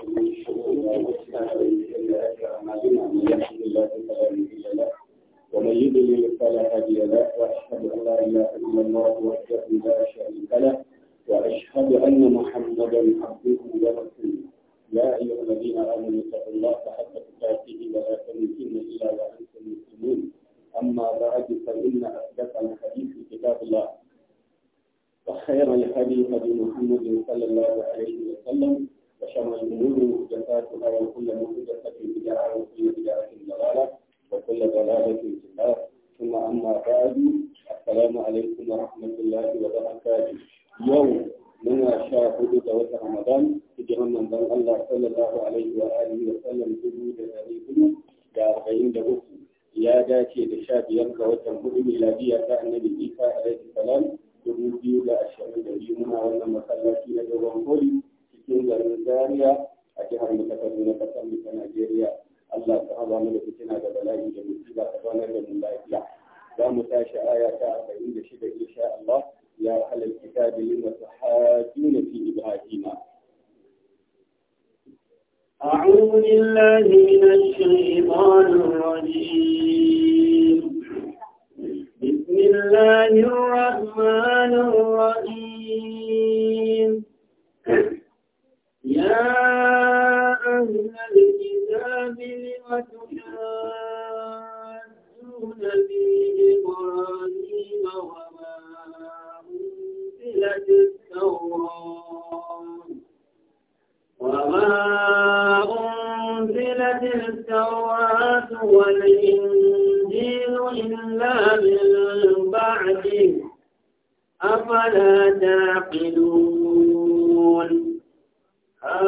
ومن ان لا اله الا الله وحده لا شريك له واشهد ان محمدا عبده ورسوله يا ايها الذين امنوا اتقوا الله حق تقاته ولا تموتن الا وانتم مسلمون اما بعد فان اصدق الحديث كتاب الله وخير الهدي هدي محمد صلى الله عليه وسلم وشر الأمور محدثاتها وكل محدثة بدعة وكل بدعة ضلالة وكل ضلالة في النار ثم أما بعد السلام عليكم ورحمة الله وبركاته يوم muna sha hudu ga watan Ramadan hijiran manzon Allah sallallahu alaihi wa alihi wa sallam dubu da dari hudu da arba'in da uku ya dace da sha biyar ga watan hudu miladiya ta annabi Isa alaihi salam dubu biyu da ashirin da biyu muna wannan masallaci na dogon koli cikin garin Zaria a jihar mu ta Kaduna kasar mu ta Najeriya Allah ta hawa mu da fitina da bala'i da musiba ta zauna da mu lafiya za mu tashi aya ta 46 insha Allah ya halal kitabi lima tahajjuna fi ibrahima أعوذ بالله من الشيطان الرجيم بسم الله الرحمن الرحيم يا أهل الكتاب لم تحاجون في إبراهيم وما أنزلت التوراة وما أنزلت التوراة والإنجيل إلا من بعده أفلا تعقلون ها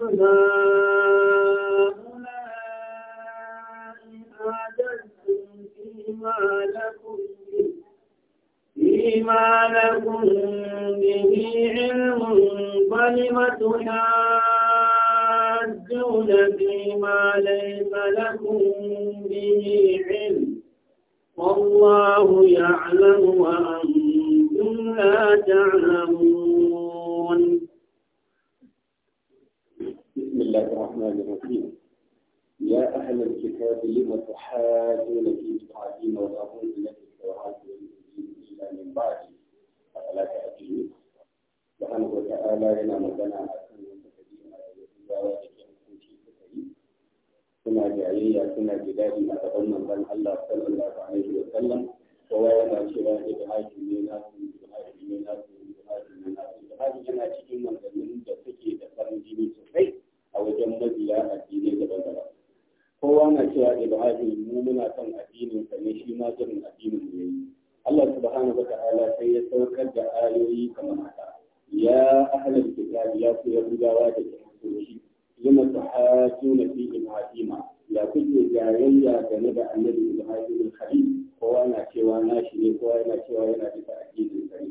هؤلاء عددتم فيما لكم لكم به علم فلم تحاجون فيما ليس لكم به علم والله يعلم وأنتم لا تعلمون الله الرحمن الرحيم يا أهل الكتاب لم تحاجون في إبراهيم وما أنزلت التوراة والإنجيل إلا من سبحانه وتعالى yana magana a kan wata kabila da yahudawa da ke hukunci suka yi suna a gaban manzon Allah sallallahu alaihi kowa yana cewa ibhaji ne na su ibhaji ne na su yana cikin manzannin da suke da farin jini sosai a wajen mabiya addinai daban-daban kowa na cewa ibrahim mu muna son addinin sa ne shi ma jirin addinin mu yayi Allah subhanahu wataala sai ya saukar da ayoyi kamar haka ya ahlal kitab ya ku yahudawa da kiristoci lima tahajuna fi ibrahima ya kuke jayayya game da annabi ibrahim al-khalil kowa na cewa na shi ne kowa yana cewa yana da addinin sa ne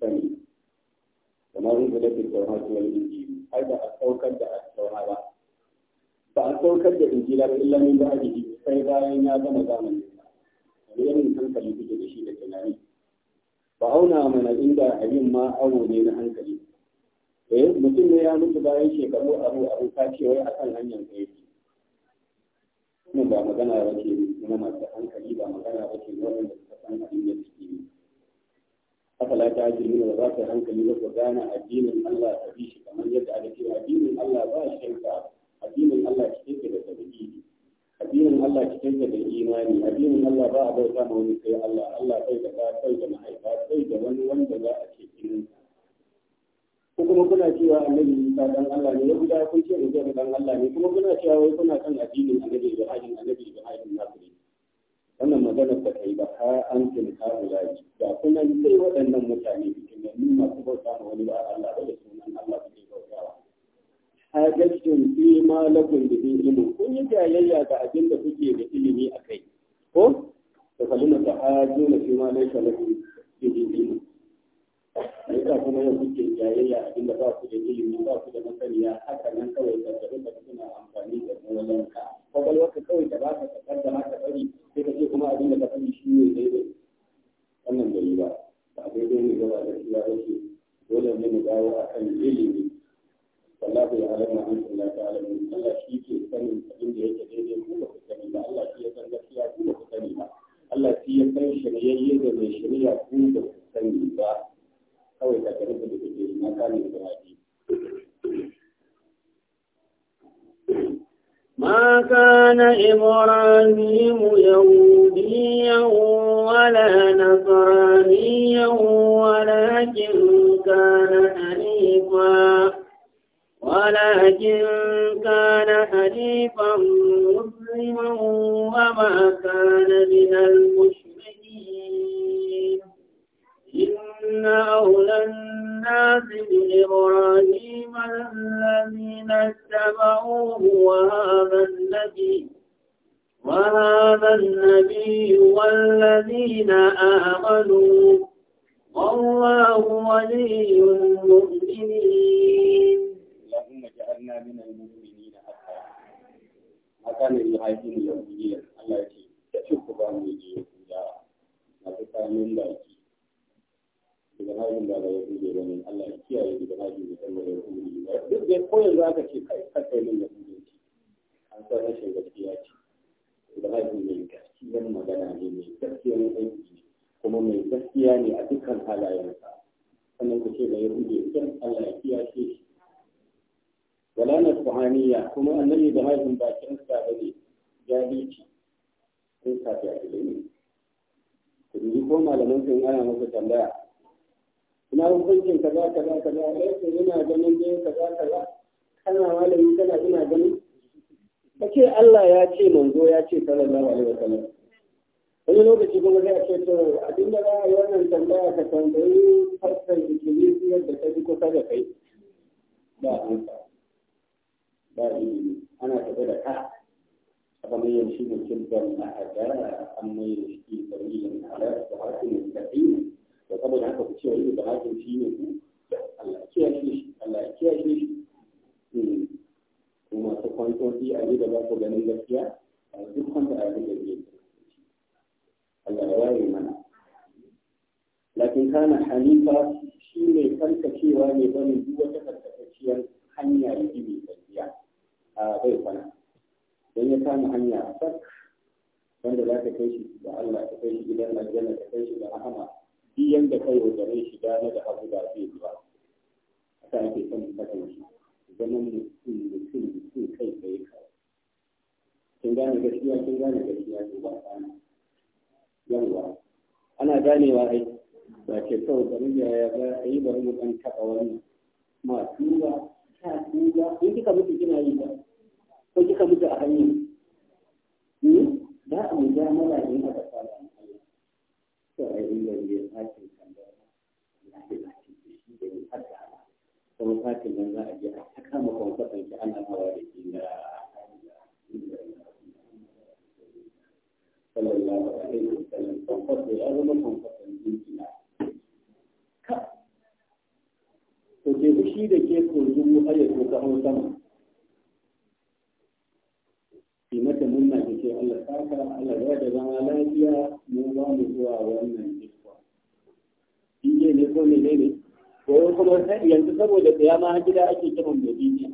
sani kamar rubuta da tawhid wal injil Har ba a saukar da asaura ba ba a saukar da injila ba da min ba'dihi sai bayan ya gama zamanin sa da yanin hankali kuke da shi da tunani ba auna mana inda abin ma awo ne na hankali eh mutum ne ya mutu bayan shekaru abu abu ta ce wai akan hanyar da yake kuma ba magana ba ke na masu hankali ba magana ba ce na wanda suka san abin yake afala ta ajiyar da ba ta hankali ba ku gane addinin Allah ta bi shi kamar yadda aka ce addinin Allah ba shi shirka addinin Allah cikin da tauhidi addinin Allah cikin da imani addinin Allah ba a bauta ma wani sai Allah Allah sai da ba sai da mahaifa sai da wani wanda za a ce kinin ko kuma kuna cewa annabi Isa dan Allah ne yahuda kun ce da dan Allah ne kuma kuna cewa wai kuna kan addinin annabi Ibrahim annabi Ibrahim na kuri wannan magana ba ta yi ba ha an kin kawo laji ga kuma sai waɗannan mutane cikin nuna masu bauta ma wani ba Allah ba da sunan Allah ba ke bautawa hajjajin fi ma da bi ilmin kun yi jayayya ga abin da kuke da ilimi a kai ko ta kalli na ta hajjo na fi ma da bi ilmin a yasa kuma yau kuke jayayya abinda ba ku da ilimi ba ku da masaniya haka nan kawai ka tafi ka suna amfani da wajen ka kwakwalwarka kawai ta ba ka kaddama ka sani sai ka ce kuma abin da ka sani shi ne daidai wannan gari ba ba daidai ne gaba da shiga ba ce dole ne mu dawo a kan ilimi wallahi ya alama an kula ta alamu Allah shi ke sanin abin da yake daidai ku ba ku sani ba Allah shi ya san gaskiya ku ba ku sani ba Allah shi ya san shirye da mai shirya ku ba ku sani ba ما كان إبراهيم يهوديا ولا نصرانيا ولكن كان حنيفا ولكن كان حنيفا مسلما وما كان من المشركين وَجَعَلْنَا أَوْلَى النَّاسِ لِإِبْرَاهِيمَ الَّذِينَ اتَّبَعُوهُ وَهَذَا النَّبِيُّ وهذا النبي والذين آمنوا والله ولي المؤمنين اللهم اجعلنا من المؤمنين أكان الهاجين يوميا التي تشك بأن يجيب يا أبقى من ذلك daga hajin da ba ya kuje ba ne Allah ya kiyaye daga hajin da kan kuma kuje ba duk da ko yanzu aka ce kai kai min da kuje ki an san rashin gaskiya ce daga hajin mai gaskiyar magana ne mai gaskiyar aiki kuma mai gaskiya ne a dukkan halayensa sannan ku ce da ya kuje kan Allah ya kiyaye shi wala na suhaniya kuma annabi da hajin bakin sa ba ne jahilci sai ka ta ilimi ku dubi ko malaman sun ana masa tambaya ina hukuncin kaza kaza kaza laifin eh, yana ganin dai kaza kaza kana malami kana ina ganin ka ce Allah ya ce manzo ya ce sallallahu alaihi wa sallam wani lokaci kuma sai a ce to abin da za a yi wannan tambaya ka tambayi fassar jikini yadda ta fi kusa da kai ba a an ba a ilimi ana tafi da ka aka mai yanshi mutum don na a gara an mai yanshi ɗauyin halar da wasu ne da saboda haka ku ce wani da hakin shi ne ku Allah ya kiyaye shi Allah ya kiyaye shi hmm. ku su kwantoci a da ba su ganin gaskiya a duk kwanta a duk da Allah ya waye mana lakin kana hanifa shi mai cewa ne barin duk wata karkatacciyar hanya da jini gaskiya a bai kwana don ya kama hanya a sak wanda za ta kai shi da Allah ta kai shi gidan aljanna ta kai shi da Ahmad. duk yanda kai yaudare shi gane da abu da zai zuwa haka ake son kasance zaman mutum mutum mutum kai tsaye kawai kin gane gaskiya kin gane gaskiya to ba na? yawa ana ganewa ai ba ke kawai bari ya ya ga ai bari mu dan taba wannan ma tuba ta tuba in kika mutu kina yi ba ko kika mutu a hanyar ba hmm? a mu ja mala ne haka son a yi da ne fatin kandar wallahi ba ce da shi da ne har da ana kuma fatin nan za a je a saka ma kwamfatan ki ana hawa da ke da sallallahu alaihi wa sallam kwamfatan ya zama kwamfatan jinkina da to ke shi da ke kurzu da ya ko ka hau sama ke mata murna da ce Allah saka Allah ya da zama lafiya mu ba mu zuwa wannan jikwa in je ne ko ne ne ne ko kuma yanzu saboda ma gida ake kiran da bibiya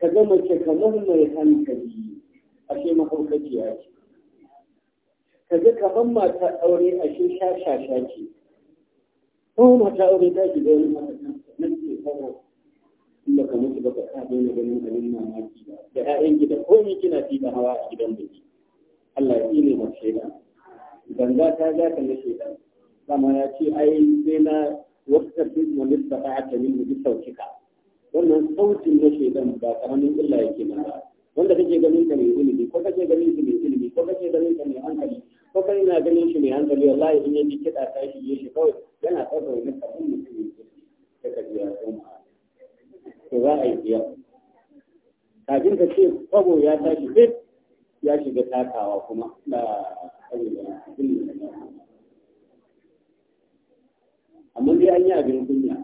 ka ga mace kamar mai hankali ashe mahaukaciya ce ka ga kamar mata aure sha sha ce ko mata aure ta shiga wani mata nan ke kawai in ka mutu ba ka sa daina ganin abin mamaki ba da ƴaƴan gida komai kina fi da hawa a gidan da ke Allah ya tsine ma shaida ganga ta za ta na shaida dama ya ce ai sai na wasu karfin wani da ta aka min da sauƙiƙa wannan sautin na shaidan ba karamin illa yake na ba wanda kake ganin ka mai ilimi ko kake ganin shi mai ilimi ko kake ganin ka mai hankali ko kai na ganin shi mai hankali wallahi in yaji kiɗa ta shi shi kawai yana ɗaukar wani kafin mutum ya ka ta kaji ya koma to za a yi biya kafin ka ce kwabo ya tashi fit ya shiga takawa kuma na amma dai an yi abin kunya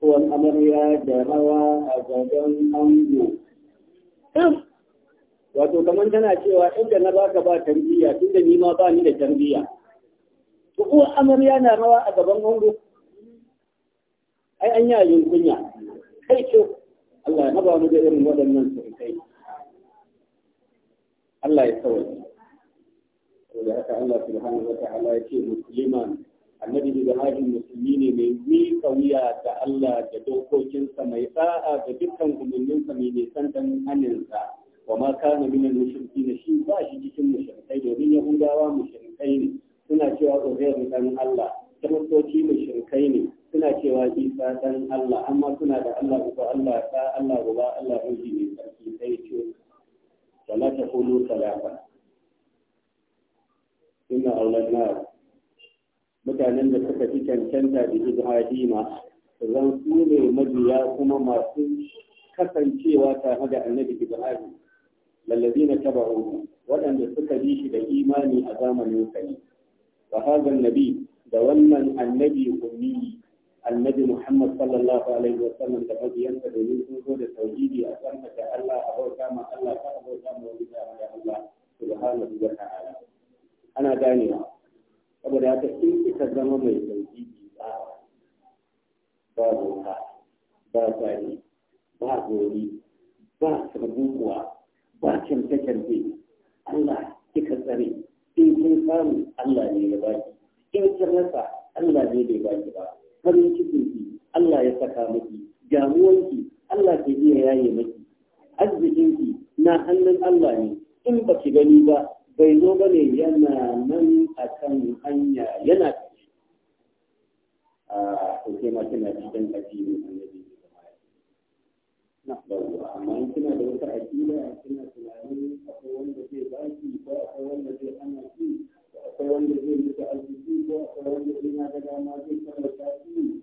kowan amarya da rawa a gaban ango wato kamar tana cewa inda na baka ba tarbiyya tunda ni ma ba ni da tarbiyya to amarya na rawa a gaban ango ai an yi abin kunya kai ce Allah ya haba mu da irin waɗannan surukai Allah ya saurari saboda haka Allah subhanahu wata'ala ya ce musliman annabi ibrahim musulmi ne mai mika wuya ga Allah da dokokinsa mai sa'a da dukkan sa mai nisan dan sa wa ma kana min al shi ba shi cikin mushrikai domin yahudawa mushrikai ne suna cewa uzair dan Allah kiristoci mushrikai ne suna cewa isa dan Allah amma suna da Allah uba Allah ta Allah uba Allah uji ne sarki sai ce wala ta kulu salafa inna auladna mutanen da suka fi cancanta da Ibrahima zan su ne mabiya kuma masu kasancewa tare da annabi Ibrahim lallazina tabahu waɗanda suka bi shi da imani a zamanin sa ne fa hadha annabi da wannan annabi ummi النبي محمد صلى الله عليه وسلم تبدي ينتهي من سنجود التوجيدي اسالك ألا أهو كما ألا فأهو كما ولد يا الله سبحانه وتعالى أنا داني ابدا لا تحكي تزمم من توجيدي بابها بابني بابولي بابوكوا باكم تكنتي الله تكسري إن كنت فهم الله يلي باكي إن كنت الله يلي باكي باكي farin cikin ki Allah ya saka miki damuwan Allah ke iya yaye miki arzikin ki na hannun Allah ne in ba ki gani ba bai zo ba ne yana nan akan hanya yana tafi a to sai ma kina cikin addini annabi na ba, amma in kina da wata aƙida kina tunanin akwai wanda zai baki ko akwai wanda zai ana ki akwai wanda zai yi da ko akwai wanda zai na da dama zai tallata shi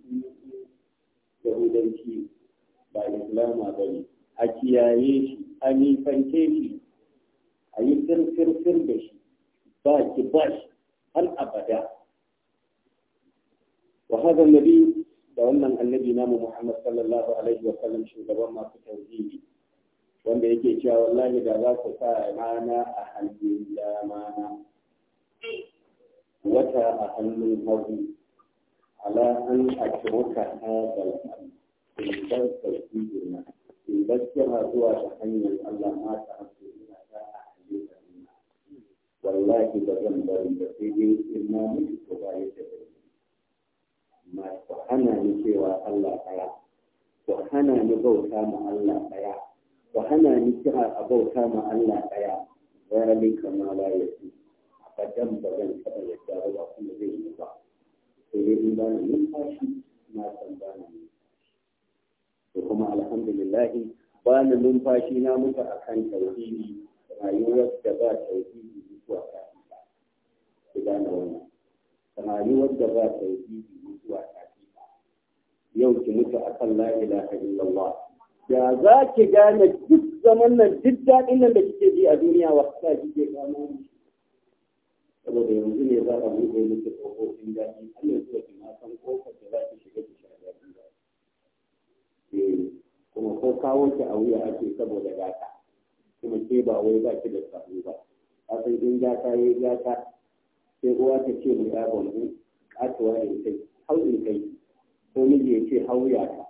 yahudanci ba islama ba ne a kiyaye shi a nisance shi a yi firfirfir da shi ba ki ba shi har abada wa hada da wannan annabi namu muhammad sallallahu alaihi wa sallam shugaban masu tauhidi wanda yake cewa wallahi da za ku sa mana a hannun dama na wata a hannun hagu ala an atruka hadal in bar tauhidi na in bar kira zuwa ta hanyar Allah ma ta hasu ina ta a hannun ina wallahi ba zan bari ba sai dai in na mutu ko ba ya ta bari amma ku hana ni cewa Allah ɗaya ku hana ni bauta ma Allah ɗaya ku hana ni kira a bauta ma Allah ɗaya ذلك ما لا ba zan بل تبلت zai ba numfashi na san ba numfashi to kuma alhamdulillah ba ni numfashi na mutu akan tauhidi rayuwar da ba tauhidi mutuwa ta fi ba ku gane wannan rayuwar da ba tauhidi mutuwa ta fi ba yau ki mutu a akan la ilaha illallah ya za ki gane duk zaman nan duk daɗin nan da kike ji a duniya wa kike gane saboda yanzu ne za a buɗe miki ƙofofin daɗi an yanzu ba ki san ƙofar da za ki shiga ki shiga daji ba eh, kuma ko kawo ki a wuya ake saboda gata kuma ke ba wai ba ki da sabu ba a san in gata ya yi gata sai uwa ta ce mu ya bambu katuwa in kai hau in kai ko miji ya ce hau ya ta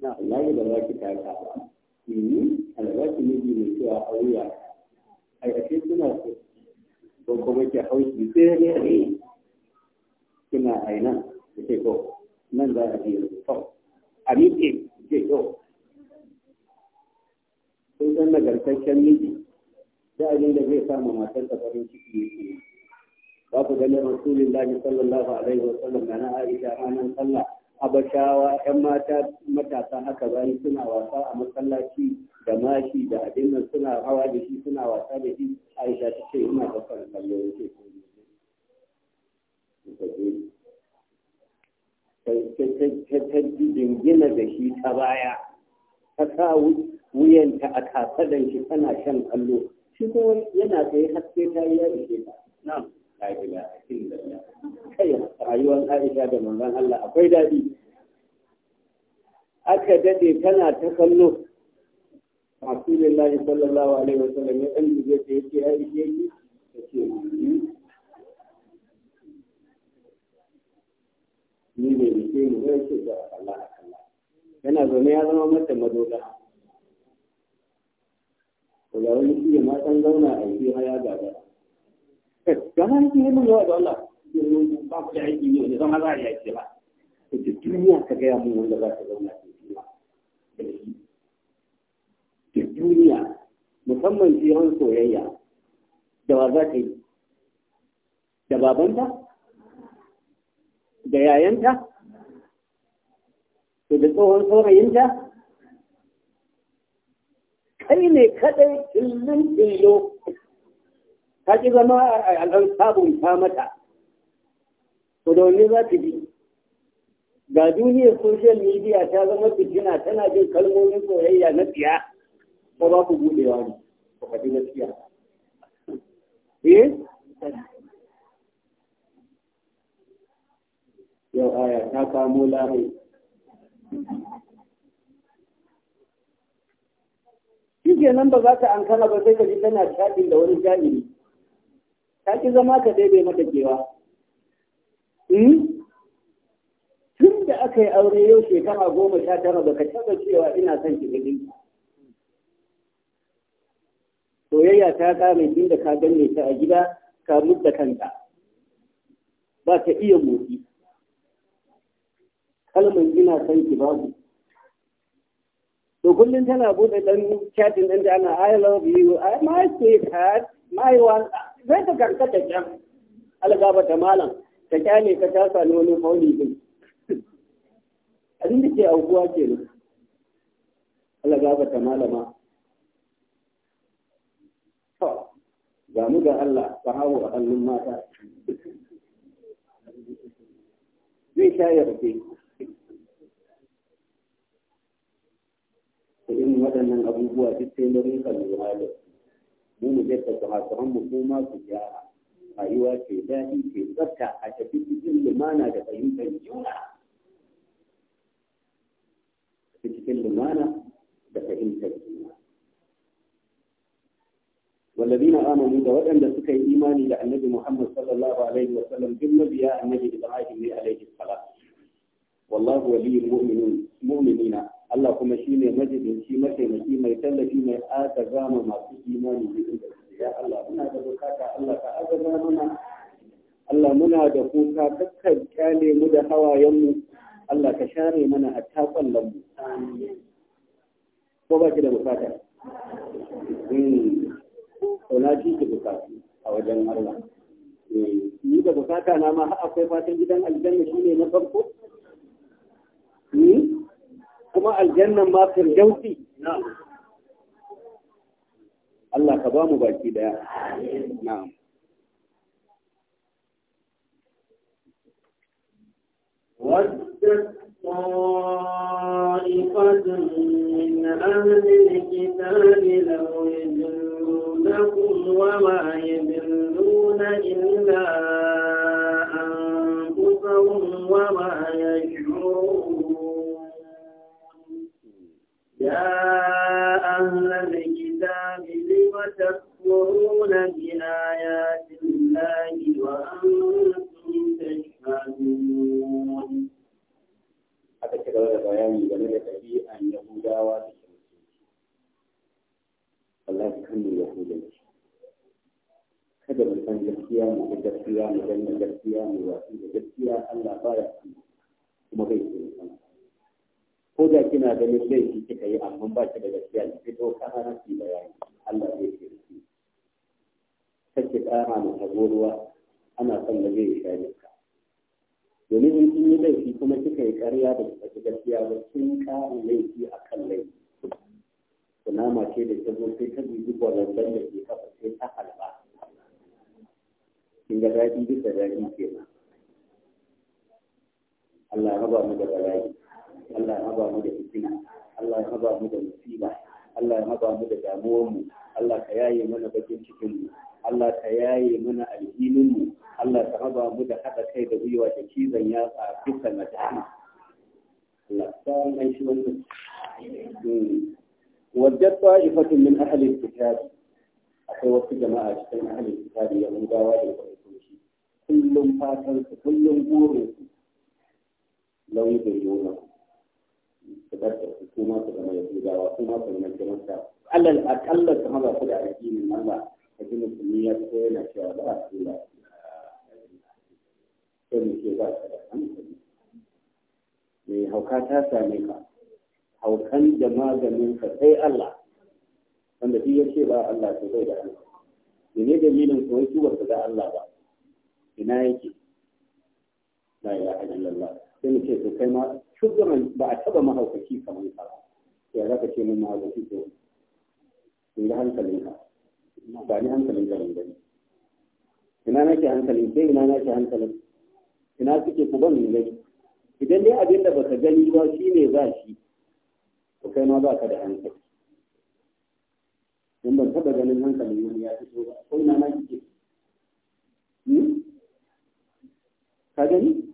na layi ba za ki taka ba ni albashi miji mai cewa hau ya ta ai ashe suna so ko kuma ke haushi tsere kina aina da ke ko nan za a biya to a miƙe ke ko sun san nagartaccen miji da abin da zai samu matar da farin ciki yake ba ku ganin rasulullahi sallallahu alaihi wa sallam da na aisha ranar sallah abashawa yan mata matasa haka bayan suna wasa a masallaci da mashi da abin suna hawa da shi suna wasa da shi aisha ta ce ina da son kallo yake ta dingina da shi ta baya ta sa wuyanta a kasadan shi tana shan kallo shi kuma yana tsaye haske ta yi ya ishe ta la ilaha illallah kai rayuwar Aisha da manzon Allah akwai daɗi. aka dade tana ta kallo Rasulullahi sallallahu alaihi wa sallam ya dan jige ta yace Aisha ki tace hmm. ni ne ke mu sai ce da Allah yana zaune ya zama mata madogara ko ga wani shi ma dan zauna a yi haya gaba gama eh, ne ne mun yawa da Allah ba ku da aiki ne wanda zama za a yi aiki ba ta ce duniya ka gaya mun wanda za ta zauna ta duniya da duniya musamman jiran soyayya da wa za ta yi da babanta da yayanta da tsohon saurayinta kai ne kaɗai illin illo ta ki zama a al'an sabunta mata ku da wani za ta bi ga duniyar social media ta zama fitina tana jin kalmomin soyayya na tsiya ko ba ku buɗewa ne ku faɗi gaskiya eh yau aya ta kamo larai shi nan ba za ta ankana ba sai ka ji tana shaɗin da wani jami'i ta ki zama ka ɗebe mata kewa hmm? tun da aka yi aure yau shekara goma sha tara ba ka taɓa cewa ina son ki gani soyayya ta kame tun da ka gane ta a gida ka mutu kanta ba ta iya motsi kalmar ina son ki babu to kullum tana buɗe ɗan chatin ɗin da ana I love you I my sweetheart my one sai ka karka ta kyan algaba ta malam ta kyale ka ta sa wani fauni din abin da ke aukuwa ke nan algaba ta malama to ga mu ga Allah ta hawo a hannun mata zai sha ya rufe irin waɗannan abubuwa duk sai na rinka lura da mu ان je ka mu ان su gyara rayuwa ان daɗi ce tsafta ان tafi cikin lumana ان fahimtar juna cikin ان da fahimtar juna والذين آمنوا ده وأن ان إيماني لأنبي محمد صلى الله عليه وسلم بالنبي يا النبي إبراهيم عليه السلام والله ولي المؤمنين مؤمنين Allah kuma shi ne shi mataimaki mai tallafi mai aka gama masu imani cikin da ya Allah muna da bukata Allah ka azaba mana Allah muna da kuka kakkan kyale mu da hawayenmu Allah ka share mana a takwallon mu ko ba ki da bukata hmm. to na ji ki bukata a wajen Allah eh, ni da bukata na ma akwai fatan gidan aljanna shine na farko كما الجنة ما تنجوتي نعم الله خبا مباكي نعم نعم وَالْتَّقَائِفَةُ مِنْ أَهْلِ الْكِتَابِ لَوْ يَجْلُونَكُمْ وَمَا يَجْلُونَ إِلَّا يا أهل الكتاب لم تكفرون بآيات الله وأنتم تشهدون ya Kada mu san gaskiya mu ga gaskiya mu gaskiya mu wasu da gaskiya Allah ba ya kuma bai ko da kina ganin laifi kika yi amma ba ki da gaskiya ki fito shi ki bayani Allah zai kirki kake kara mu ta ruwa ana son da zai share ka domin in kin yi laifi kuma kika yi ƙarya da kika ji gaskiya ba kin ƙara laifi a kan laifi kunama ce da ta zo sai ta dubi gwalandan da ke kafa sai ta halba kin ga daɗi bisa daɗi kenan Allah raba mu da bala'i Allah ya raba mu da fitina Allah ya raba mu da musiba Allah ya raba mu da damuwar mu Allah ka yaye mana bakin cikinmu. Allah ka yaye mana alhinin Allah ka raba mu da haɗa kai da gwiwa da cizon yatsa a bisa na dama Allah ta an shi wannan hmm. wajen ta'ifatun min ahalin kitabi akwai wasu jama'a cikin ahalin kitabi yahudawa da kwaikunci kullum fatan su kullum burin su lauyi da su bar da su kuma su zama yahudawa kuma su zama kirista alal akalla su haɗa ku da addinin Allah ta ji musulmi ya fito yana cewa ba a su da sai mu ke ba su da hankali mai hauka ta same ka haukan da maganin ka sai Allah wanda shi ya ce ba Allah to bai da hankali mene dalilin ko yake wanda ga Allah ba ina yake la ilaha illallah sai mu ce to kai ma shugaban ba a taba mahaukaci kamar ka ya za ka ce mun mahaukaci ko in ga ka. ba ni hankalin ka ne ina nake hankalin sai ina nake hankalin ina suke ku ban ne idan dai abin da baka gani ba shi ne za shi to kai ma baka da hankali in ban taba ganin hankalin wani ya fito ba ko ina nake hmm? ka gani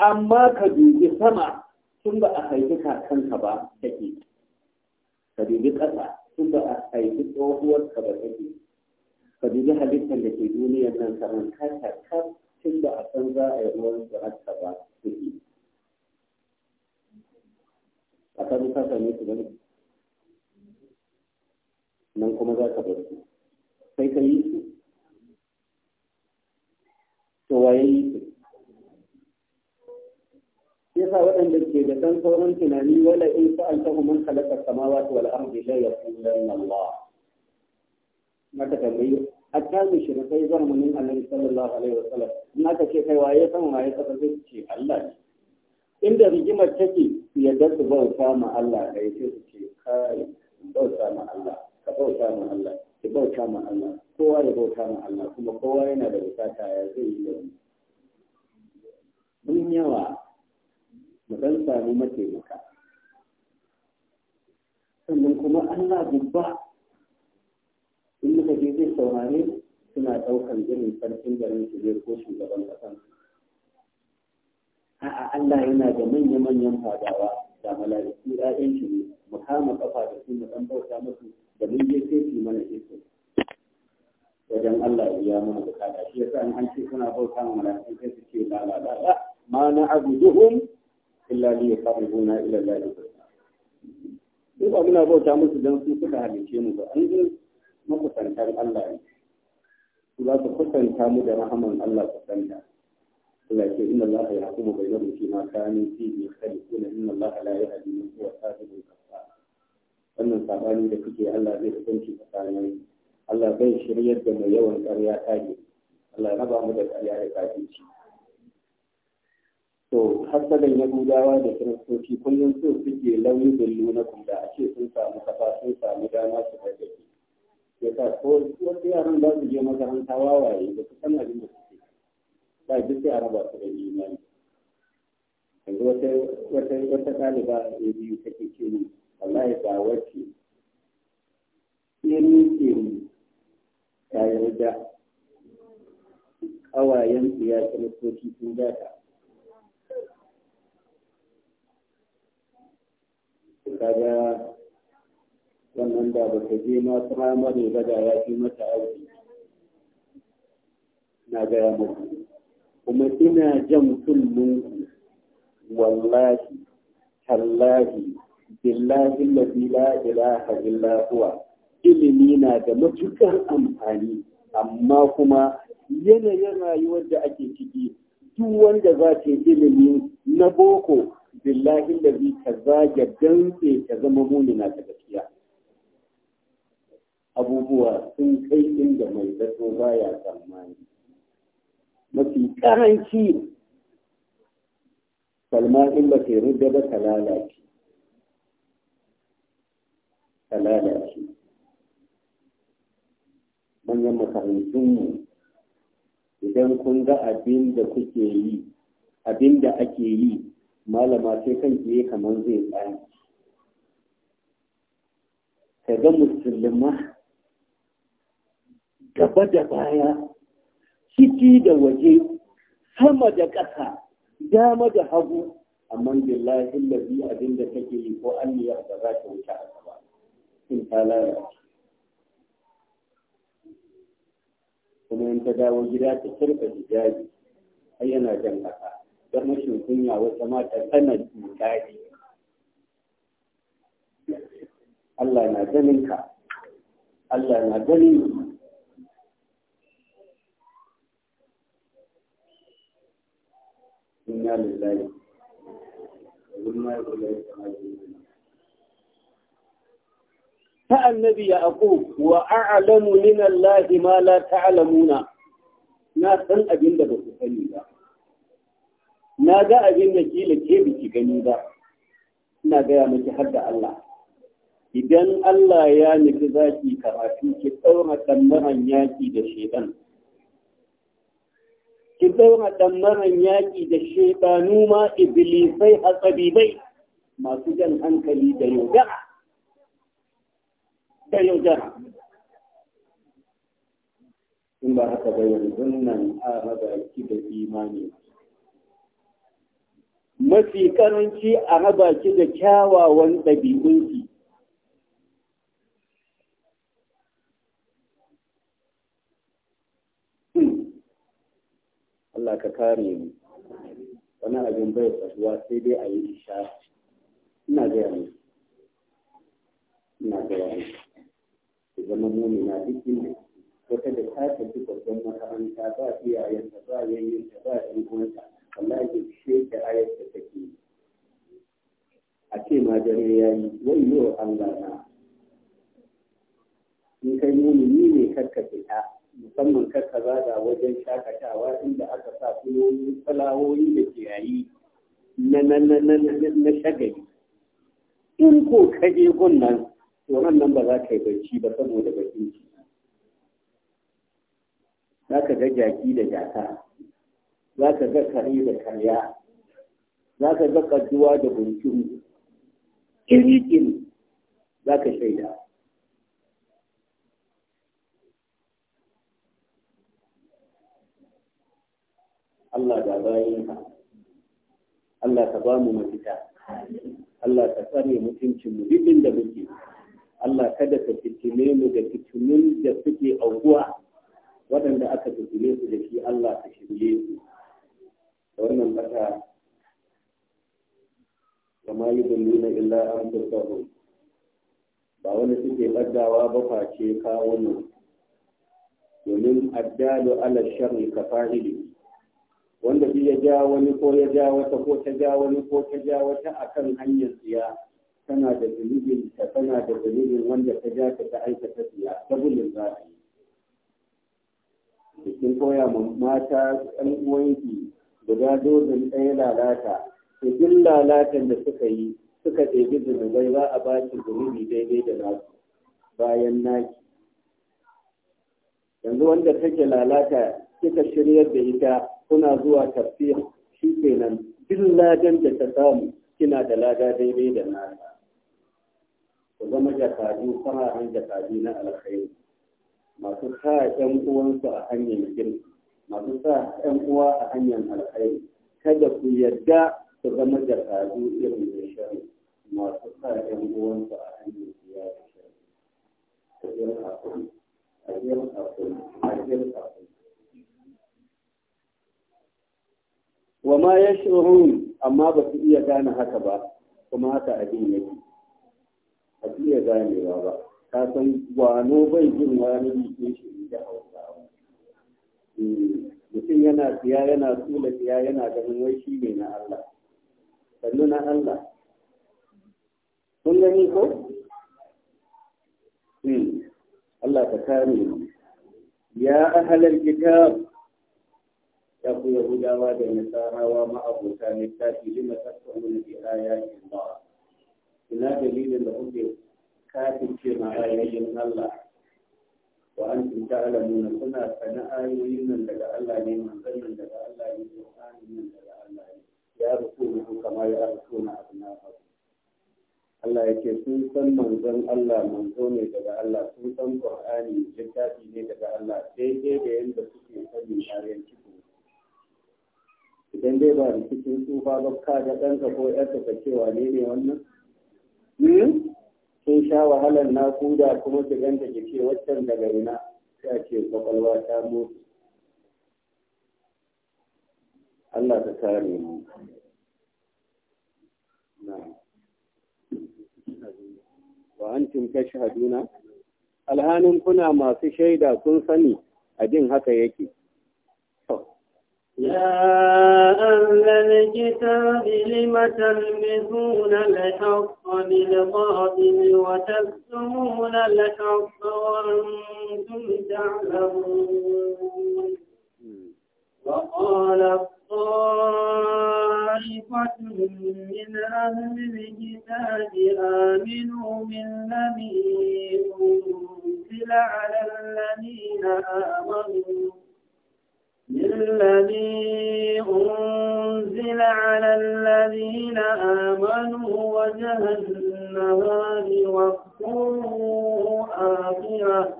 amma ka dubi sama tun ba a haifi kakanka ba take ka dubi ƙasa tun ba a haifi tsohuwarka ba take ka dubi halittar da ke duniyar nan saman kata kaf tun ba a san za a yi ruwan zuwarka ba take a kan kasa ne su gani nan kuma za ka bar su sai ka yi su to waye yi su yasa waɗanda ke da ɗan sauran tunani wala in sa'alta man khalaqa samawati wal ardi la yaqulanna Allah maka tambayi hatta mu shi kai zamanin Annabi sallallahu alaihi wasallam na ka ce kai waye san waye ka sai ce Allah ne inda rigimar take yadda su bauta ma Allah kai sai su ce kai bauta ma Allah ka bauta ma Allah ki bauta ma Allah kowa ya bauta ma Allah kuma kowa yana da bukata ya zai yi da mun yawa mu ɗan samu mataimaka sannan kuma Allah gubba in muka je zai saurare suna ɗaukar irin sarkin garin su zai ko shugaban ƙasan a'a Allah yana da manya-manyan fadawa da mala'iku ɗayan shi ne mu kafa da su mu ɗan bauta musu da mun je sai mana iko wajen Allah ya biya mana bukata shi yasa an ce suna bauta ma mala'iku sai su ce la la la ma na abuduhum illa li yuqarribuna ila Allah ko ba muna bauta musu dan su suka halice mu ba an yi makusantar Allah ce. su za su kusanta mu da rahaman Allah kusanta Allah ke inna Allah ya hukumu bainahum fi ma kanu fihi yakhtalifuna inna Allah la yahdi man huwa fasiqun kaffar wannan sabani da kuke Allah zai hukunci tsakanin Allah bai shiryar da mai yawan ƙarya ta Allah raba mu da ƙarya da kafirci to na yahudawa da kiristoci kullum sun suke launin billu na kuma a ce sun samu kafa sun samu dama su gargaɗi ya sa ko wasu yaran za su je makaranta wawaye da su san abin da suke ba duk sai a raba su da imani yanzu wata wata ɗaliba a biyu take ce ni wallahi ba wacce ni ke mu ta yarda ƙawayen tsiya kiristoci sun gata kaga wannan da ba je ma firamare ba da ya fi mata aure na gaya muku kuma ina jan kullum wallahi tallahi billahi lafi la ilaha illa huwa ilimi na da matukar amfani amma kuma yanayin rayuwar da ake ciki duk wanda za ta ilimi na boko billahi da zai ka zage dantse ka zama munina ta gaskiya abubuwa sun kai inda mai zato baya tsammani mafi karanci salma in ba ta rudda ba ta lalace ta lalace manyan makarantunmu idan kun ga abin da kuke yi abin da ake yi malama sai kan ki kamar zai tsaya ka ga musulma gaba da baya ciki da waje sama da ƙasa dama da hagu amma billahi lafi abin da take yi ko an yi da za ta wuce a gaba in ta lalace kuma in ta dawo gida ta kirka hijabi ai yana jan ƙasa don rashin kunya wata mata tana cuta ne Allah na ganin ka Allah na ganin inna lillahi wa ta annabi ya aku wa a'lamu min Allah ma la ta'lamuna na san abin da ba ku sani ba na ga abin da kila ke biki gani ba ina gaya miki har da Allah idan Allah ya nufi zaki karatu ki tsaura ɗanmaran yaƙi da shaidan ki tsaura tambaran yaƙi da shaidanu ma iblisai tsabibai masu jan hankali da yaudara da yaudara in ba haka ba yanzu a raba ki da imani mafi karanci a raba ki da kyawawan ɗabi'unki Allah ka kare mu wani abin bai tsasuwa sai dai a yi isha ina gaya mu ina gaya mu ki zama na duk inda wata da ta tafi babban makaranta ba iyayenta ba yayyinta ba ƴan wallahi da shi da ayar da take a ce ma dare yayi wayyo Allah na in kai ni ne karka fita musamman karka zaga wajen shakatawa inda aka sa fuloni falawoyi da ciyayi na na na na na shagali in ko ka je gunnan to nan ba za ka yi barci ba saboda bakin ciki za ka ga jaki da jaka za ka ga kare da karya za ka ga kaduwa da bunkin iri-iri za ka shaida Allah da bayanka Allah ka ba mu mafita Allah ka tsare mutuncinmu duk da muke Allah kada ka fitine mu da fitinun da suke auguwa waɗanda aka fitine su da shi Allah ka shirye su da wannan mata, wa ma na illa anfusahum ba wani suke ɓaddawa ba face kawunan domin addalu ala sharri ka fa'ili wanda bi ya ja wani ko ya ja wata ko ta ja wani ko ta ja wata a kan hanyar siya tana da zunubin ta tana da zunubin wanda ta ja ta ta aikata siya ta gudun za a yi koya ma mata ɗan uwanki guda dozin ɗaya lalata to lalata lalatan da suka yi suka ɗebi zunubai za a ba shi zunubi daidai da nasu bayan naki yanzu wanda take lalata kika shirya da ita kuna zuwa tafiya shi kenan duk ladan da ta samu kina da lada daidai da nasa ku zama jakadu fararen jakadu na alkhairi masu sa 'yan uwansu a hanyar girki masu sa ‘yan uwa a hanyar alkhairi kada ku yadda su zama da kazu irin da shari masu sa ‘yan uwansu a hanyar siya da shari ajiyar kafin. ajiyar hakuri ajiyar hakuri wa ma ya shirun amma ba su iya gane haka ba kuma haka abin yake ba su iya ganewa ba ka san gwano bai jin wani bikin shi da hausa mutum yana siya yana tsula siya yana ganin wai shi ne na Allah sannu na Allah kun gani ko hmm. Allah ta kare mu ya ahalar kitab ya ku yahudawa da nasarawa ma'abota littafi lima tasawun bi ayatin ba ina dalilin da kuke kafin ce ma Allah wa an tun ta'lamuna kuna sana ayoyin nan daga Allah ne manzon nan daga Allah ne Qur'ani nan daga Allah ne ya rukuna an kama ya rukuna abna'akum Allah ya ce sun san manzon Allah manzo ne daga Allah sun san Qur'ani littafi ne daga Allah daidai da yadda suke sani tarihin cikin idan dai ba rikicin tsufa ba ka ga ɗanka ko ƴarka ka cewa ne ne wannan sun sha wahalar naƙuda kuma su ganta ki ce waccan daga ina a ce kwakwalwa ta motsi Allah ta kare mu wa alhanin kuna masu shaida kun sani abin haka yake يا أهل الكتاب لم تلمسون الحق بالباطل وتكتمون الحق وأنتم تعلمون وقال طائفة من أهل الكتاب آمنوا بالذي أنزل على الذين آمنوا الذي أنزل على الذين آمنوا وجه النهار واكفروا آخره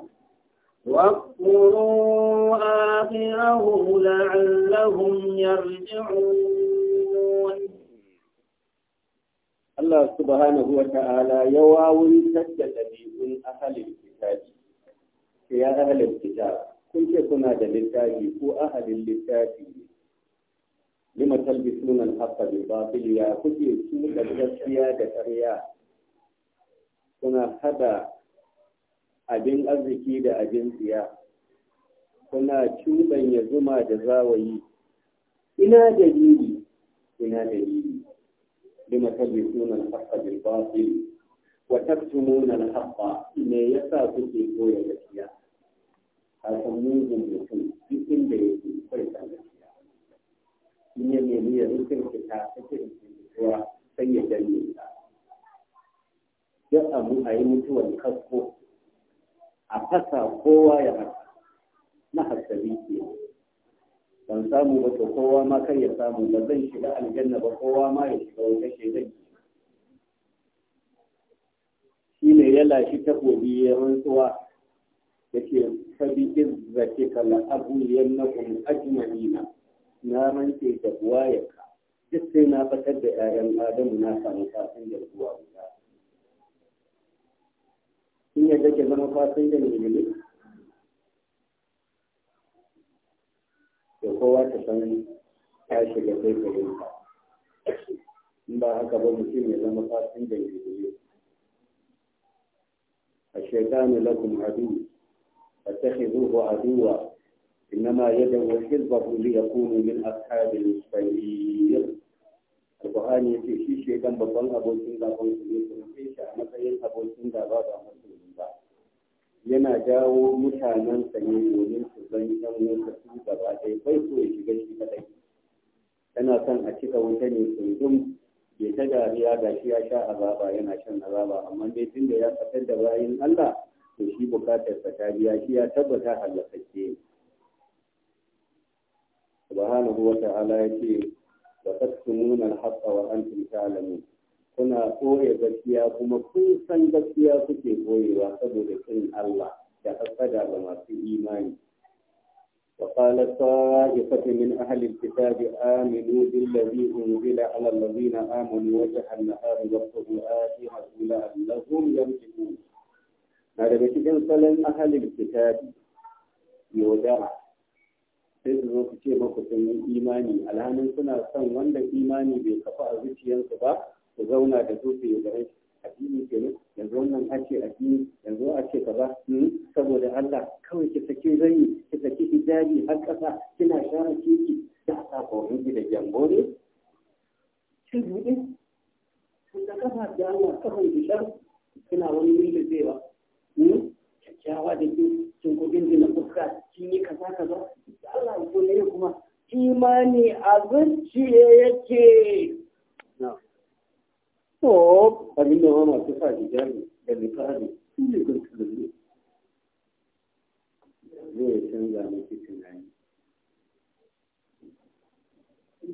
واكفروا آخره لعلهم يرجعون الله سبحانه وتعالى يواوي سجد من أهل الكتاب يا أهل الكتاب kun ce kuna da littafi ko ahalin littafi ne lima talbi sunan haka bi batil ya kuke su da gaskiya da karya kuna hada abin arziki da abin tsiya kuna cuɗanya zuma da zawayi ina dalili ina yi lima talbi sunan haka bil batil wa taktumuna haka haqqa me yasa kuke koya gaskiya hakan mugun mutum duk inda yake kai san gaskiya in ya nemi ya rufin fita ta ce kuwa sai ya danne ta duk abu a yi mutuwar kasko a fasa kowa ya fasa na hasali ke ban samu ba to kowa ma kar ya samu ba zan shiga aljanna ba kowa ma ya shiga wata shedan shi ne ya lashi takobi ya rantsuwa yake kala abu la abuliyannakum ajma'ina na rantse da wayarka duk sai na fitar da 'ya'yan adamu na samu fasin da zuwa wuta in yadda ke zama fasin da ne da kowa ta san ya shiga sai ka yi in ba haka ba mutum ya zama fasin da ne a shekaru lakum adu فاتخذوه عدوا إنما يدعو حزبه ليكونوا من أصحاب السبيل القرآن يتي شي شي كان babban abokin gaban su ne kuma sai a matsayin abokin gaba ba musulmi ba yana jawo mutanen sa ne domin su zan su gaba ɗaya bai so ya shiga shi kadai tana son a cika wuta ne tsundum ya ta dariya ga shi ya sha azaba yana shan azaba amma dai tunda ya fitar da bayan Allah to shi bukatar ta biya shi ya tabbata halakacce subhanahu wa ta'ala yace wa tasmununa al-haqqa wa antum ta'lamun kuna koye gaskiya kuma kun san gaskiya kuke koyewa saboda kin Allah da hasada ga masu imani وقال طائفة من أهل الكتاب آمنوا بالذي أنزل على الذين آمنوا وجه النهار واكفروا آخره لعلهم يمسكون na daga cikin salon ahalin kitabi yaudara sai su zo su ce maku sun yi imani alhamin suna son wanda imani bai kafa a zuciyarsu ba su zauna da su su yaudare addini ke yanzu wannan ake addini yanzu a ce kaza hmm? saboda Allah kawai ki saki zanyi ki saki hijabi har ƙasa kina share kiki da sa ki da gyambo ne kin buɗe kun da kafa da Allah kafan ki shar kina wani milizewa Hmm? kyakkyawa da ke cinkogin jina fuska kin yi kaza kaza Allah ko ne kuma imani abinci ya yake to abin da ma masu sa hijabi da lifafi sun yi zai canza miki tunani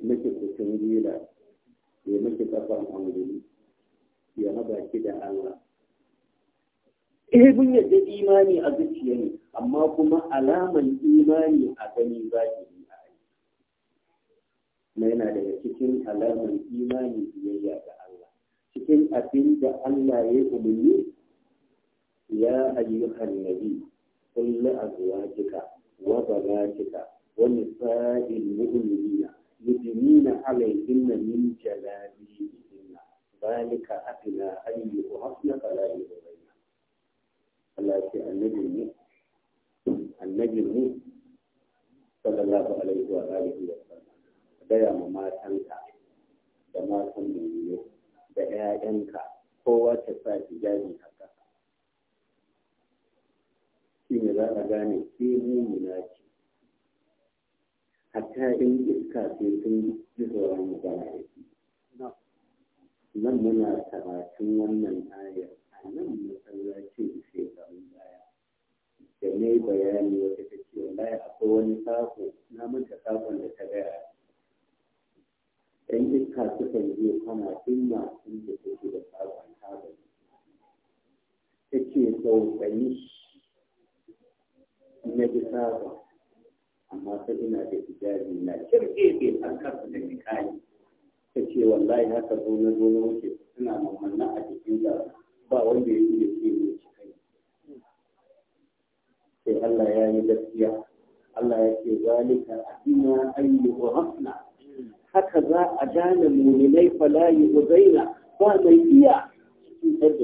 miki kusan gila ya miki kafan angulu ya haɗa ki da Allah eh yadda imani a zuciya ne amma kuma alaman imani a gani za ki yi a aiki na daga cikin alaman imani biyayya ga Allah cikin abin da Allah ya umarni ya ayyukan nabi kullu azwajika wa banatika wa nisa'il mu'minina yudnina alayhinna min jalabihinna ذلك أدنى أن يؤهفن فلا يؤهفن Allah ce annabin mu annabin mu sallallahu alaihi wa alihi wa sallam gaya ma matanka da matan mu ne, da 'ya'yanka kowa ta sa hijabi haka shi ne za a gane ke mumuna ce hatta in iska sai sun ji tsoron magana da shi nan muna karatun wannan ayar a nan masallaci da shekarun baya da na yi bayani wata ta ce wallahi akwai wani sako na manta sakon da ta gaya ɗan iska sukan je kwana tun masu da take da sakon haɗa ta ce saukani na ji sakon amma sai ina da hijabi na kirkeke a kansu da nikali ta ce wallahi haka zo na zo na wuce suna mamanna a bikin gaba ba wanda ya iya ce ne kai sai Allah ya yi gaskiya Allah ya ce zalika adina an yi haka za a gane muminai fala yi Zaina. ba mai iya cikin da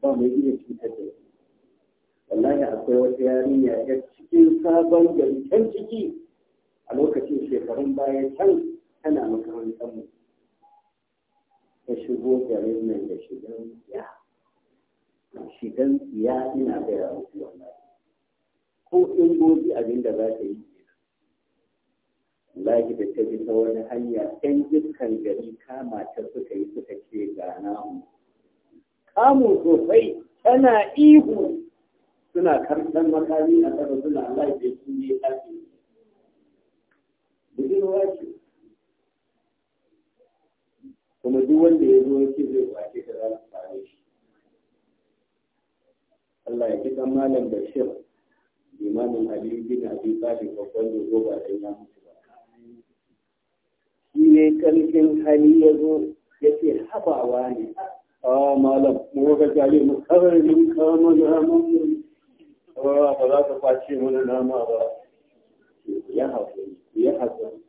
ba mai iya cutar da wallahi akwai wata yarinya ya cikin sabon gari can ciki a lokacin shekarun baya can tana makarantar mu ta shigo garin nan da shigan tsiya shigan tsiya ina da yawon wannan ko in gobi abin da za ta yi laji da ta bisa ta wani hanya ɗan dukkan gari kama ta suka yi suka ce ga namu. Kamu sosai tana ihu suna karɓar makami na ƙasa suna Allah ya ce sun yi ɗafi. Budurwa ce, kuma duk wanda ya zo yake zai kwace ka za su shi Allah ya kisa malam Bashir limamin Aliyu bin Abi Talib babban da ba dan ya mutu ba shi ne karfin hali ya zo ya ce habawa ne a malam mu ga jari mu kawai mun kama da mun ba za ka kwace mana nama ba ya haƙuri ya haƙuri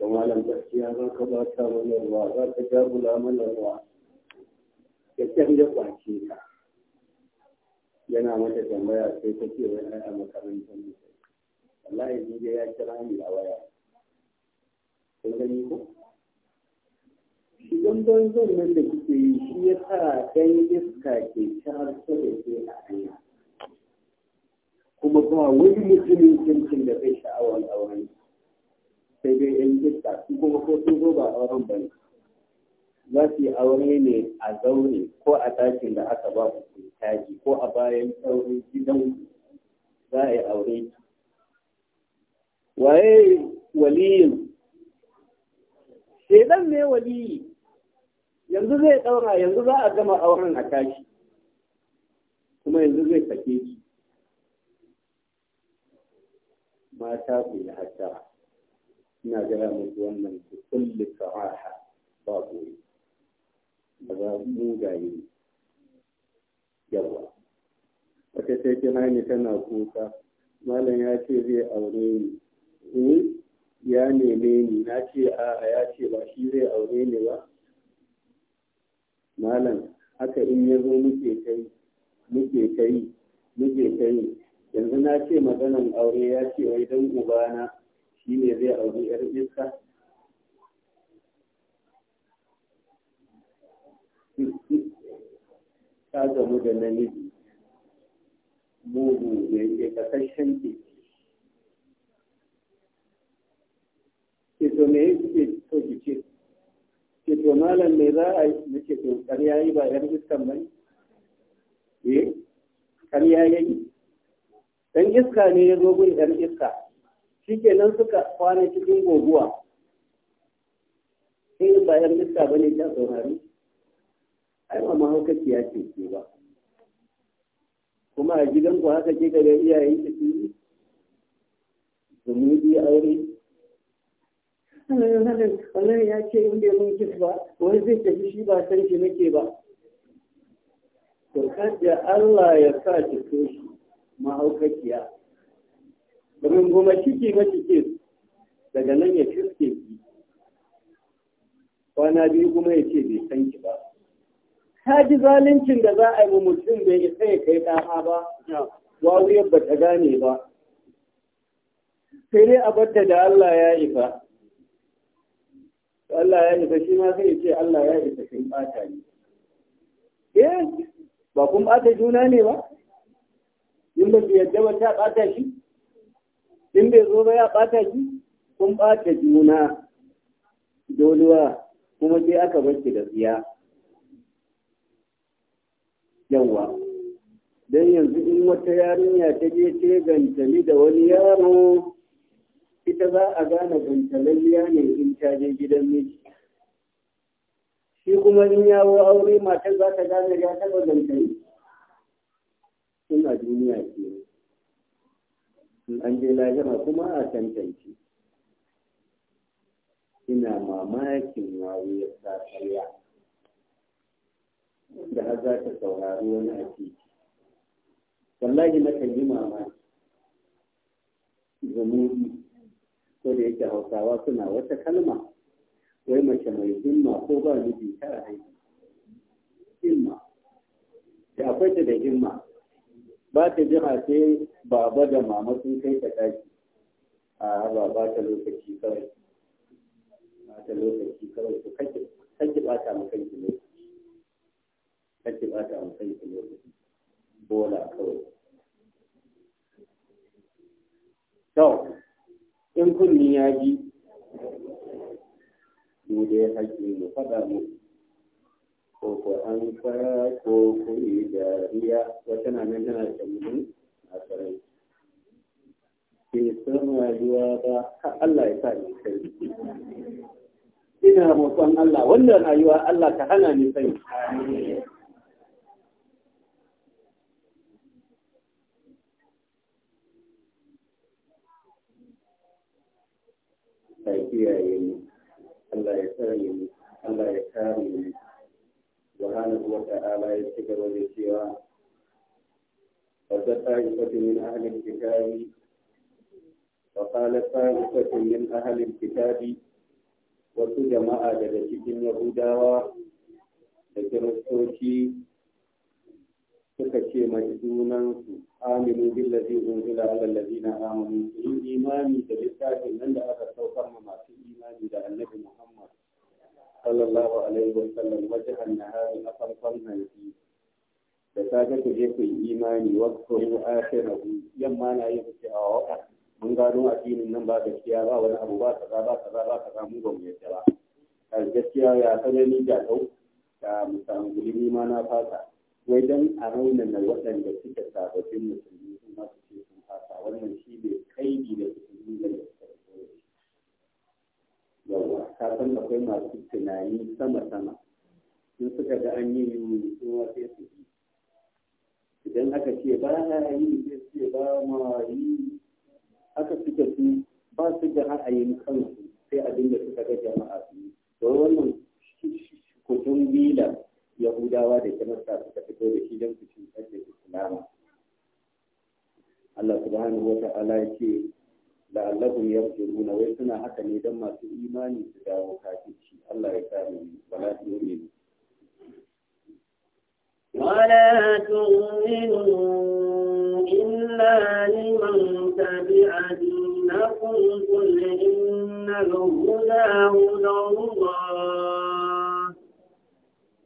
da malam gaskiya za ka ba ta mana ruwa za ka jagula mana ruwa ya canza kwace ka yana mata tambaya sai ta ce wani a makarantar mu wallahi ni dai ya kira ni a waya kun gani ko idan banzon nan da kike yi shi ya sa ɗan iska ke shahar da ke a hanya kuma ba wani mutumin kirkin da zai sha'awar auren sai dai yan iska su kuma ko sun zo ba auren ba ne za su yi aure ne a zaune ko a ɗakin da aka ba ku taji ko a bayan saurin gidan za a yi aure waye waliyin shedan ne waliyi yanzu zai ɗaura yanzu za a gama auren a tashi kuma yanzu zai sake shi mata ku yi hasara. ina gaya muku wannan ku kulli sa'aha ba goyi daga gaye yawa wata sai kira ni tana kuka malam ya ce zai aure ni eh, ya neme ni na ce a'a ya ce ba shi zai aure ni ba malam haka in ya zo muke kai muke kai muke kai yanzu na ce maganan aure ya ce wai dan ubana shi ne zai auri yar iska ta gamu da namiji mugu da yake kasashen ke ke to me yake so ki ce ke to malam me za a yi ke to karya yi ba yar iskan ba eh karya yayi dan iska ne ya zo gun yar iska shikenan suka kwana cikin goguwa sai bayan lissa bane ta saurari ai ma mahaukaciya ce ke ba kuma a gidan ku haka ke ga iyayen ki su zumudi aure wannan ya ce in bai mun kis ba wani zai tafi shi ba san shi nake ba to kajiya Allah ya sa ki so shi mahaukaciya runguma ciki ba cike daga nan ya fiske ki kwana biyu kuma ya ce bai san ki ba ta ji zaluncin da za a yi mutum bai isa ya kai ɗaha ba wuyar ba ta gane ba sai dai a batta da Allah ya isa Allah ya isa shi ma sai ya ce Allah ya isa sun ɓata ne eh ba kun ɓata juna ne ba in ba su yadda ba ta ɓata shi in bai zo ba ya ɓata ki kun ɓata juna doluwa kuma sai aka bar da tsiya yawa don yanzu in wata yarinya ta je ce gantali da wani yaro ita za a gane gantalalliya ne in ta je gidan miji shi kuma in yawo aure matar za ta gane ya taba gantali suna duniya ke an je lahira kuma a tantance ina mamakin wayo ya sa karya da har za ta saurari wani a titi wallahi na kan yi mamaki zamuni ko da yake hausawa suna wata kalma wai mace mai himma ko ba miji ta a haihu himma da akwai ta da himma ba ta jira sai baba da mama sun kai ta ɗaki a ba ba ta lokaci kawai ba ta lokaci kawai to kake ba ta makan ki lokaci kake ba ta makan ki lokaci bola kawai to in kunni ya bi. mu dai haƙƙi mu faɗa mu ko ko an fara ko ku yi dariya wata na nan tana da mutum a sarai ke san rayuwa ba ka Allah ya sa ni kai ina roƙon Allah wannan rayuwa Allah ta hana ni sai ka kiyaye ni Allah ya tsare ni Allah ya kare ni سبحانه وتعالى يشكر ويسيرا وجد طائفة من أهل الكتاب وقال طائفة من أهل الكتاب wasu jama'a daga cikin yahudawa da kiristoci suka ce mai sunansu aminu billazi unzila ala allazina amanu su yi imani da littafin nan da aka saukar ma masu imani da annabi muhammad sallallahu alaihi wa sallam wajhan nahari a farkon hanzi da safe ku je ku yi imani wa na yi ku ce a mun gano addinin nan ba gaskiya ba wani abu ba kaza ba kaza ba kaza mun ba mu yadda ba gaskiya ya sanani da kau da musamman gulimi ma na fasa wai dan a raunana waɗanda suke sababbin musulmi sun ma fasa wannan shi ne kaidi da suke yi yawa ka san akwai masu tunani sama-sama sun suka ga an yi yuni kuma sai su yi idan aka ce ba na yi sai su ce ba ma yi aka suka su ba su da ra'ayin kansu sai abin da suka ga jama'a su yi don wannan kudin yahudawa da kirista suka fito da shi don su cutar da islama Allah subhanahu wa ta'ala ya ce la'allahum yarji'una wai suna haka ne don masu imani su dawo shi. Allah ya kare mu wala tu'minu ولا تؤمنوا إلا لمن تبع دينكم قل إن الهدى هدى الله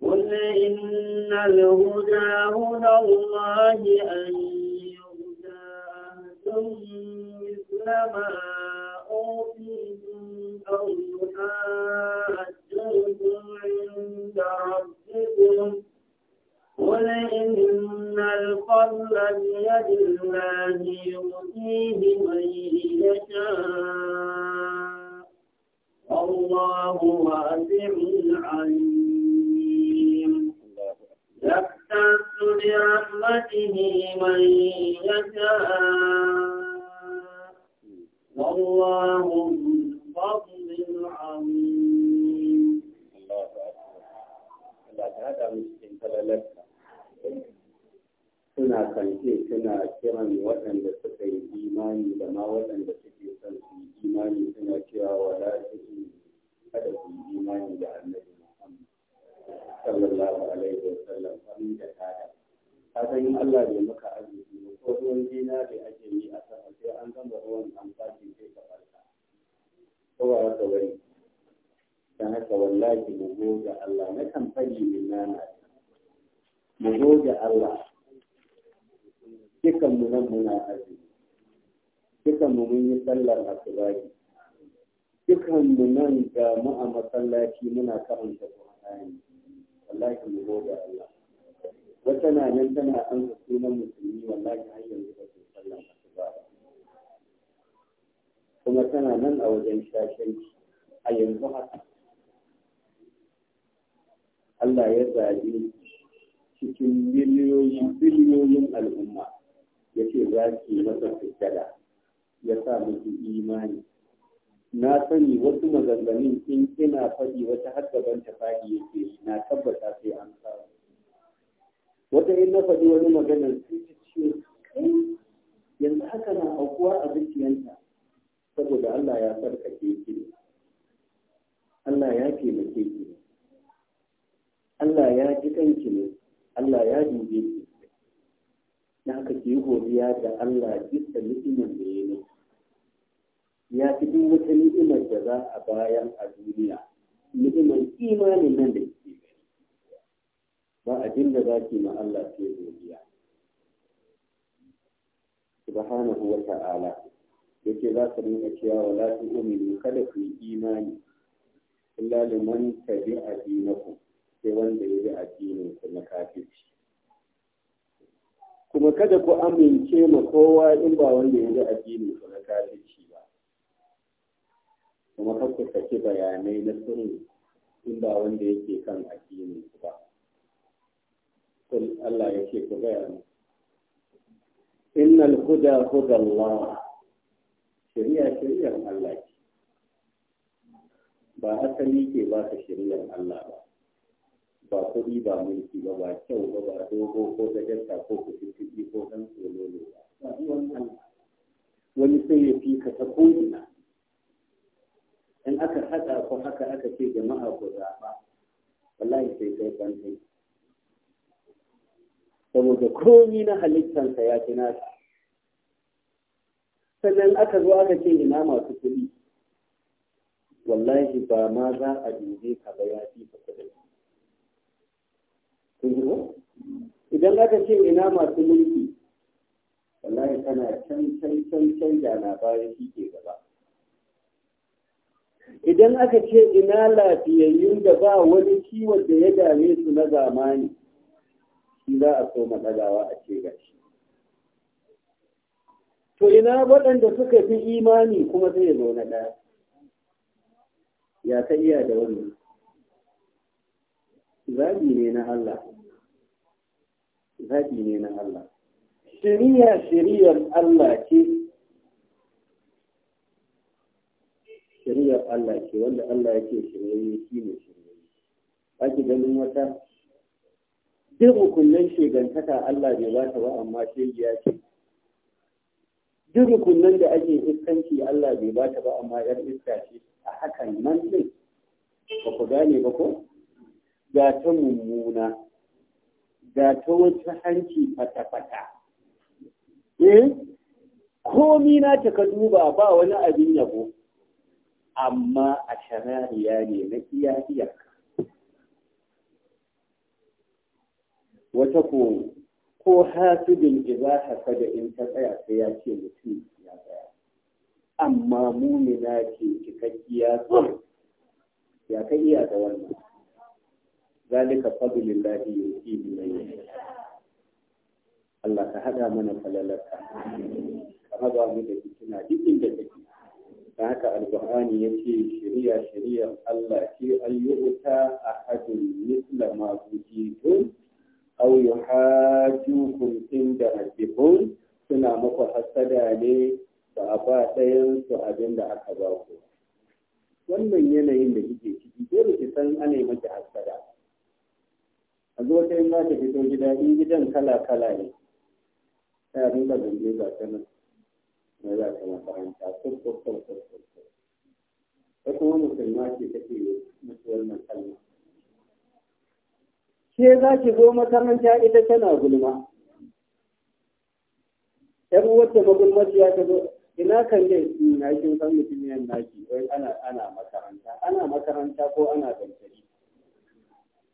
قل إن الهدى هدى الله أن يهدى أهل إنما أوتيتم أو يحاجوكم عند ربكم قل إن الفضل بيد الله يؤتيه من يشاء والله واسع عليم يختص برحمته من يشاء والله من فضل عظيم الله أكبر suna kanke suna kiran waɗanda suka yi imani da ma waɗanda suke son su yi imani suna cewa wala suke kada su yi imani da annabi Muhammad sallallahu alaihi wa sallam da tada ka san Allah bai maka arziki ko ruwan da ake yi a sama sai an gama ruwan an fashi sai ka farka ko ba haka bane dan haka wallahi mu goge Allah na kan fadi min nana ta. mu goge Allah dukan mu nan muna aji. dukan mu mun yi sallar asubahi dukan mu nan ga mu a masallaci muna karanta Qur'ani wallahi mu goge Allah wata na nan tana an sunan musulmi wallahi har yanzu ba su sallan ba kuma tana nan a wajen shashanci a yanzu haka Allah ya zaɓi cikin miliyoyin biliyoyin al'umma ya ce za ki masa sujjada ya sa musu imani na sani wasu maganganun in kina faɗi wata har gaban ta faɗi yake na tabbata sai an samu wata yin na faɗi wani magana sai ta ce kai yanzu haka na aukuwa a zuciyanta saboda Allah ya ke ki Allah ya ke ke ki Allah ya ji kanki ne Allah ya dube ki na haka ke yi godiya da Allah jista ni'imar da ya ne ya fi duk wata ni'imar da za a bayan a duniya ni'imar imanin nan da ke ba abin da za ki ma Allah sai godiya subhanahu wa ta'ala yake za ka nuna cewa wala tu'minu kada ku yi imani illa liman tabi'a ku, sai wanda ya bi addinin ku na kafirci kuma kada ku amince ma kowa in ba wanda ya bi addinin ku na kafirci ba kuma kar ku saki bayanai na sirri in ba wanda yake kan addinin ku ba kul Allah ya ce ku gaya mu innal huda huda Allah shari'a shari'ar Allah ce ba asali ke ba ka shari'ar Allah ba ba kuɗi ba mulki ba ba kyau ba ba dogo ko gajarta ko kuɗi ko ɗan tsololo ba ba wani sai ya fi ka ta ko'ina in aka haɗa ko haka aka ce jama'a ku zaɓa wallahi sai kai bantai saboda komi na halittansa ya fi nasa sannan aka zo aka ce ina masu kuɗi wallahi ba ma za a dube ka ba ya fi ka kuɗi idan aka ce ina masu mulki wallahi tana can can can can da na bayan shi ke gaba idan aka ce ina lafiyayyun da ba wani ciwon da ya dame su na zamani za a so matsalawa a ce gashi to ina waɗanda suka fi imani kuma zai zo na ɗaya ya ta iya da wannan zaɓi ne na Allah zaɓi ne na Allah shiriya shiriyar Allah ce shiriyar Allah ce wanda Allah ya ce shiriyar shi ne shiriyar ba ki ganin wata sai rukunan shegantaka Allah bai ba ta ba amma ya ce duk rukunan da ake iskanci Allah bai ba ta ba amma yar iska ce a hakan nan din ba ku gane ba ko ga ta mummuna ga ta wata hanci fata-fata eh komi na ta ka duba ba wani abin yabo amma a shari'a ne na iya iyaka wata ko ko hasidin ibaha kada in ta tsaya sai ya ce mutum ya tsaya amma mumina ce cikakkiya tsur ya kai iya da wannan zalika fadlillahi yuti min Allah ka hada mana falalarka ka hada mu da fitina duk inda take da haka alqur'ani yace shari'a shari'a Allah ki ayyuta ahadun misla ma tujitun aw yuhajjukum da rabbikum suna muku hasada ne ba a ba ɗayan su abin da aka ba ku wannan yanayin da kike ciki dole ki san ana yi miki hasada a zo ta yin fito gida in gidan kala kala ne ta yi rinka zange ba ta nan na za ta makaranta ta kuma musulma ce take mutuwar wannan kalma Shi za ki zo makaranta ita tana gulma yan wata magulmaci ya ta zo ina kan dai na kin san mutum yan naki wai ana ana makaranta ana makaranta ko ana dantari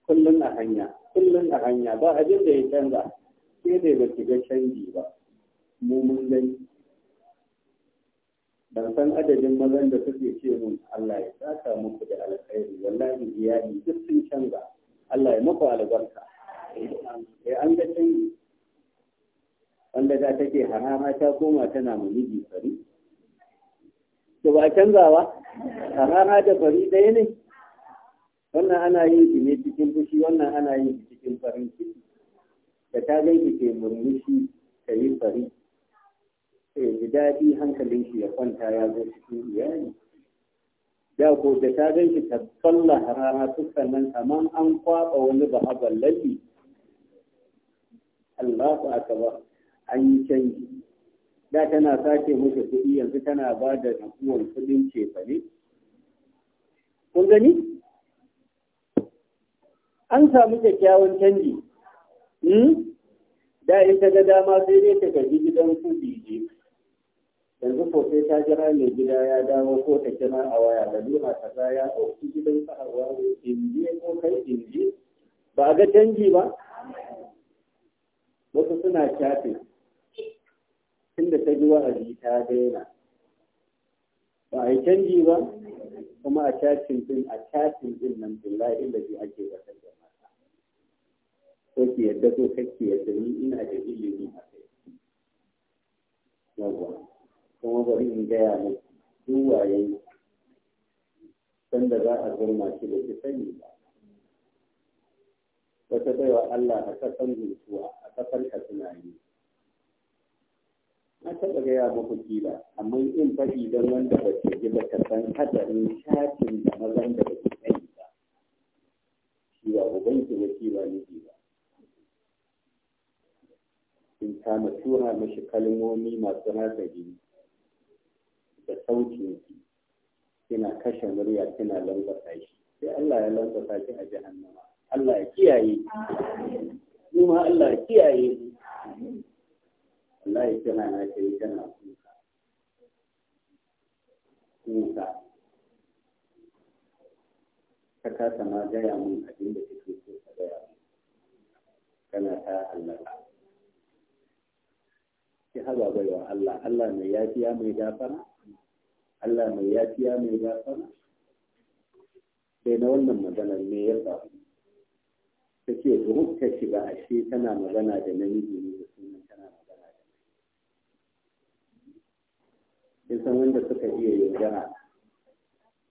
kullun a hanya kullun a hanya ba abin da ya canza sai dai ba ki ga canji ba mu mun gani ban san adadin mazan da suke ce mun Allah ya saka muku da alkhairi wallahi iyali duk sun canza Allah ya muku albarka Ya eh, an ga canji wanda da take harama ta koma tana mu miji fari to ba canzawa harama da fari ɗaya ne wannan ana yin shi ne cikin fushi wannan ana yin shi cikin farin ciki da ta ganki ke murmushi ta yi fari sai ji daɗi hankalin shi ya kwanta ya zo cikin iyali ya ko da ta gan shi ta tsalla harara tukkan nan kamar an kwaba wani ba a ballafi Allahu ba, an yi canji da tana sake musu kuɗi yanzu tana ba da nakuwar kuɗin cefane kun gani an samu kyakkyawan canji hmm? da ita ga dama sai dai ta gaji gidan su je yanzu ko sai ta jira mai gida ya dawo ko ta kira a waya da ta kaza ya ɗauki gidan in inji ko kai inji ba a ga canji ba wasu suna shafe tunda ta ji wa'azi ta daina ba a yi canji ba kuma a cacin din a cacin din nan billahi da shi ake wata jama'a ko ki yadda ko kake yadda ni ina da ilimi a bari in gaya muku duk sanda za a zurma shi da ki sani ba wata baiwa Allah a kasan zuciya a kasan katsina ne na taɓa gaya muku kila amma in faɗi don wanda ba ke ji ba san hadarin shafin da mazan da ba ke sani ba shi ba ubanki ba kila ba miji ba in kama tura mashi kalmomi masu hasari da shi kina kashe murya kina lankwasa shi sai Allah ya lankwasa shi a jahannama Allah ya kiyaye shi ma Allah ya kiyaye shi Allah ya na ce tana kuka kuka ka kasa ma gaya mun abin da kuke so ka gaya mun kana ta Allah ki haba baiwa Allah Allah mai yafiya mai gafara Allah mai yafiya mai gafara sai na wannan maganar ne ya faru ta ce duk ta shiga ashe tana magana da namiji ne da sunan tana magana da namiji sai san wanda suka iya yaudara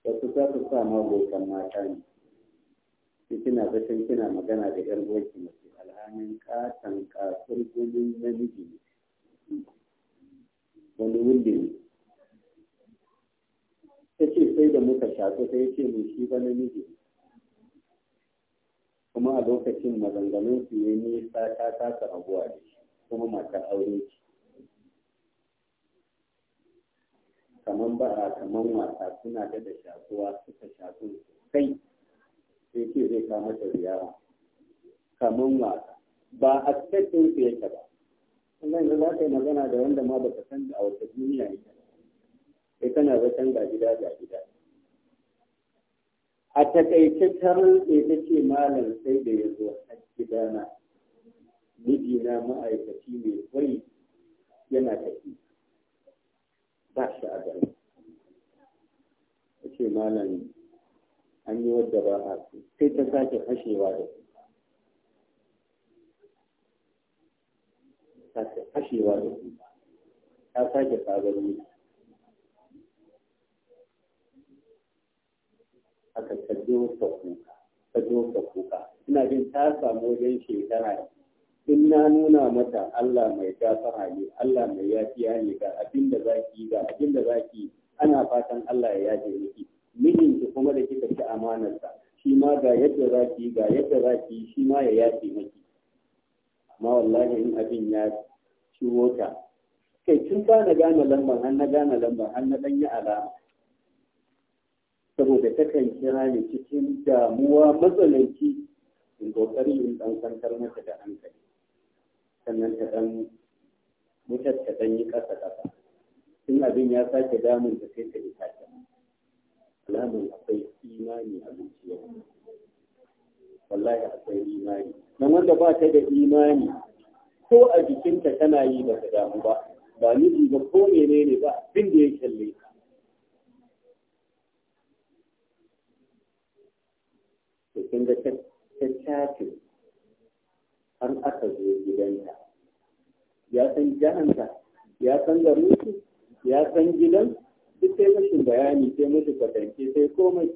wasu za su sa ma bokan mata ne sai kina zaton kina magana da ƴar uwarki mace alhamin katan kasar gudun namiji ne wani wunde ne ta ce sai da muka shato ta yake mu shi ba namiji kuma a lokacin maganganun su ne nisa ta kasa rabuwa da shi kuma matar aure ce kamar ba a kamar wasa suna da da shakuwa suka shaku sosai sai ce zai kama da ziyara kamar wasa ba a cikin su yake ba Allah yanzu za ka yi magana da wanda ma baka san da a wata duniya yake sai kana zaton ga gida ga gida a takaice ta rantse ta ce malam sai da ya zo a gidana mijina ma'aikaci mai kwai yana tafi ba shi a gari ta ce malam an yi wadda ba a su sai ta sake fashewa da su ta sake fashewa da su ta sake sabon aka ta zo kuka ta zo kuka ina jin ta samu wajen shekara in na nuna mata Allah mai gafara ne Allah mai yafiya ne ga abin da za ki ga abin da za ki ana fatan Allah ya yaje miki ki kuma da kika ci sa. shi ma ga yadda za ki ga yadda za ki shi ma ya yafi miki amma wallahi in abin ya ciwo ta kai tun ba na gane lambar har na gane lambar har na dan yi alama saboda takan kira ni cikin damuwa matsananci in kokari in dan kwantar mata da hankali sannan ta dan mutar ta dan yi kasa kasa in abin ya sake damun da sai ta yi kasa alamun akwai imani a zuciya wallahi akwai imani nan wanda ba ta da imani ko a jikinta tana yi ba ta damu ba ba ni ba ko menene ba abin da ya kalle ka cikin da ta tace har aka zo gidanta ya san jahanta ya san garinsu ya san gidan duk sai mashi bayani sai mashi kwatance sai komai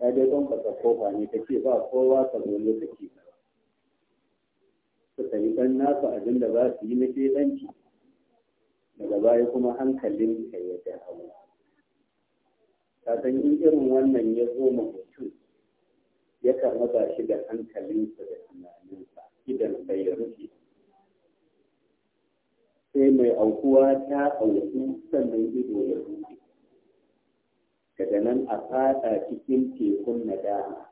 ya dai don fasa kofa ne ta ce ba kowa ka zo ne ta ce su sani ɗan nasu abin da za su yi na shedanci daga baya kuma hankalin ka ya dawo ta san in irin wannan ya zo mutum yakan raba shi da hankalinsa da tunaninsa idan bai rufe sai mai aukuwa ta auku sannan ido ya rufe daga nan a fada cikin tekun nadama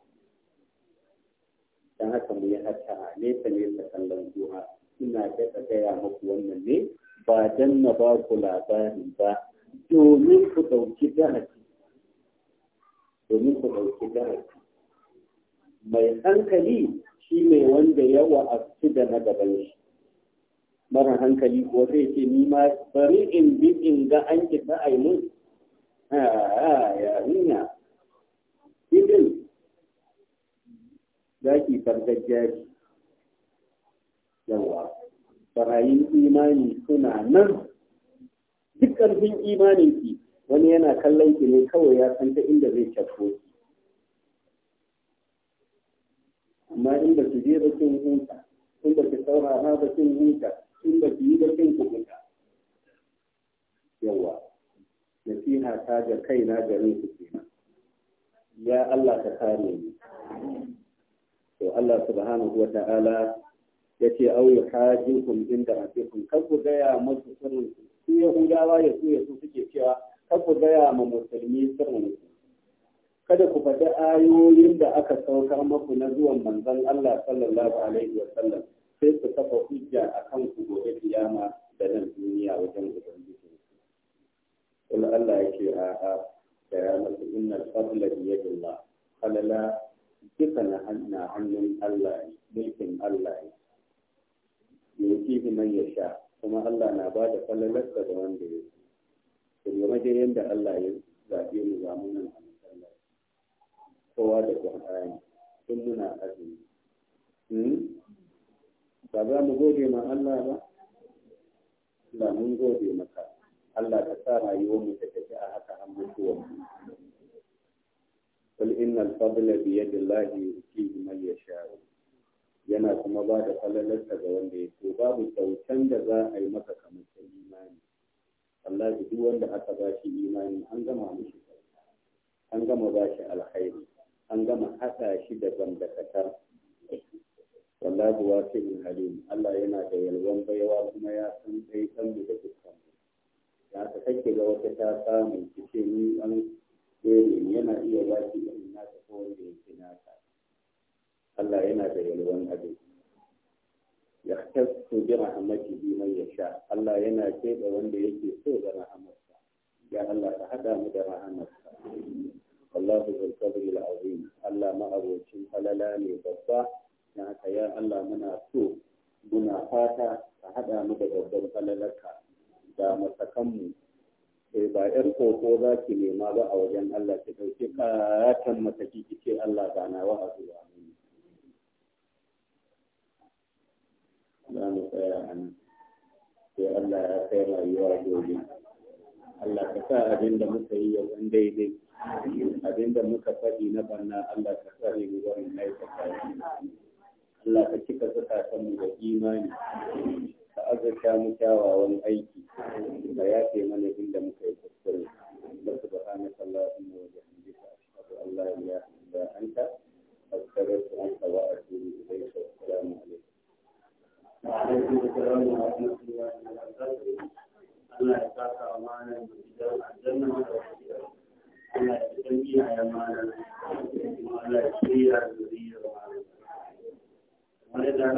don haka mu yi hata nesa nesa kallon zuwa ina daɗa gaya muku wannan ne ba don na ba ku labarin ba domin ku ɗauki darasi domin ku ɗauki darasi mai hankali shi ne wanda ya wa'astu da na gaban shi mara hankali ko zai ce ni ma bari in bi in ga an kita a yi mun ya nuna idin ki fargajiya ce yawa barayin imani suna nan duk ƙarfin imanin ki wani yana kallon ki ne kawai ya san ta inda zai cafo amma in ba je ba kin hunta in ba ki saurara ba kin hunta in ba ki yi ba kin kubuta yawa nasiha ta ga kaina garin su kenan ya Allah ka kare ni to Allah subhanahu wa ta'ala ya ce au yi kun inda rabbikum kan ku gaya masu sirrin su yahudawa ya su ya su suke cewa kan ku gaya ma musulmi sirrin su kada ku faɗi ayoyin da aka saukar maku na zuwan manzon Allah sallallahu alaihi wa sallam sai su kafa hujja kan ku gobe kiyama da nan duniya wajen ubangiji Wani Allah yake a a da ya mutu innal fadla bi yadillah alala duka na hannun Allah mulkin Allah ne yake man ya sha kuma Allah na ba da falalarsa da wanda ya ce. Kuma dai yadda Allah ya zaɓe mu zamu nan kowa da ƙwarƙani in nuna azumi hmm? ba za mu gode ma Allah ba Ba mun gode maka Allah ka sa rayuwar mu ta tafi a haka an mutuwa قل إن الفضل بيد الله يؤتيه من يشاء yana kuma ba da falalarsa ga wanda ya so babu kyautan da za a yi maka kamar ta imani Allah duk wanda aka ba shi imani an gama mishi an gama ba shi alkhairi an gama haɗa shi da zambakata wallahi wasu in halin Allah yana da yalwan baiwa kuma ya san dai san mu da dukkan mu ya ta kake ga wata ta samu kike ni an dole yana iya wasu irin na ta ko da yake na ta Allah yana da yalwan abin ya kasu bi rahmati bi man yasha Allah yana ce da wanda yake so a rahmatsa ya Allah ka hada mu da rahmatsa wallahu zul fadli azim Allah ma'abocin halala ne babba dan haka ya Allah muna so muna fata ka haɗa mu da babban halalarka da masakanmu sai eh, ba yar koko za ki nema ba a wajen Allah ki dauki katan mataki ki ce Allah ga nawa a za mu tsaya anan. sai Allah ya kai rayuwa gobe Allah ka sa abin da muka yi yau an daidai abin da muka faɗi na banna Allah ka sa ne wurin na aikata Allah ka cika suka zukatanmu da imani ka azurta mu kyawawan aiki ka yafe mana inda muka yi kuskure da subhanaka allahumma wa bihamdika ashhadu an la ilaha illa anta astaghfiruka wa atubu ilayka assalamu alaikum wa alaikum assalam wa rahmatullahi wa barakatuh Allah ya saka wa malam da gidan aljanna da wajiya Allah ya san iyaye malam wani da lafiya malam dan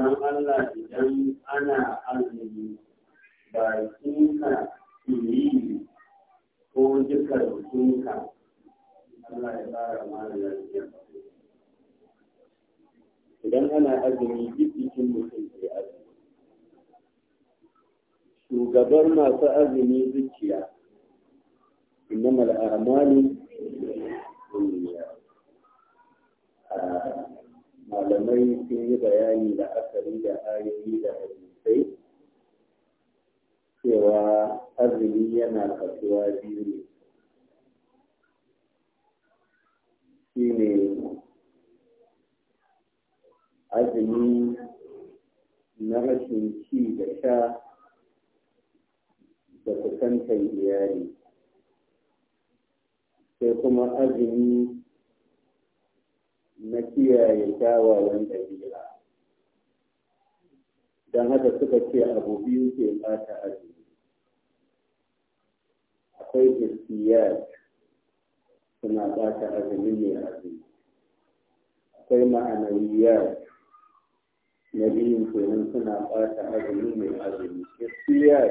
Allah idan ana azumi ba kinka yi ko duka da kunka Allah ya tsara mana lafiya idan ana azumi duk jikin mutum ke azumi shugabar masu azumi zuciya innamal a'malu malamai sun yi bayani da akari da ayoyi da hadisai cewa azumi yana kasuwa biyu ne shi ne azumi na rashin ci da sha da kusantar iyali sai kuma azumi na kiyaye kyawawan ɗabi'a don haka suka ce abu biyu ke ɓata azumi akwai irsiyar suna ɓata azumi ne azumi akwai ma'anawiyar na biyun kenan suna ɓata azumi mai azumi irsiyar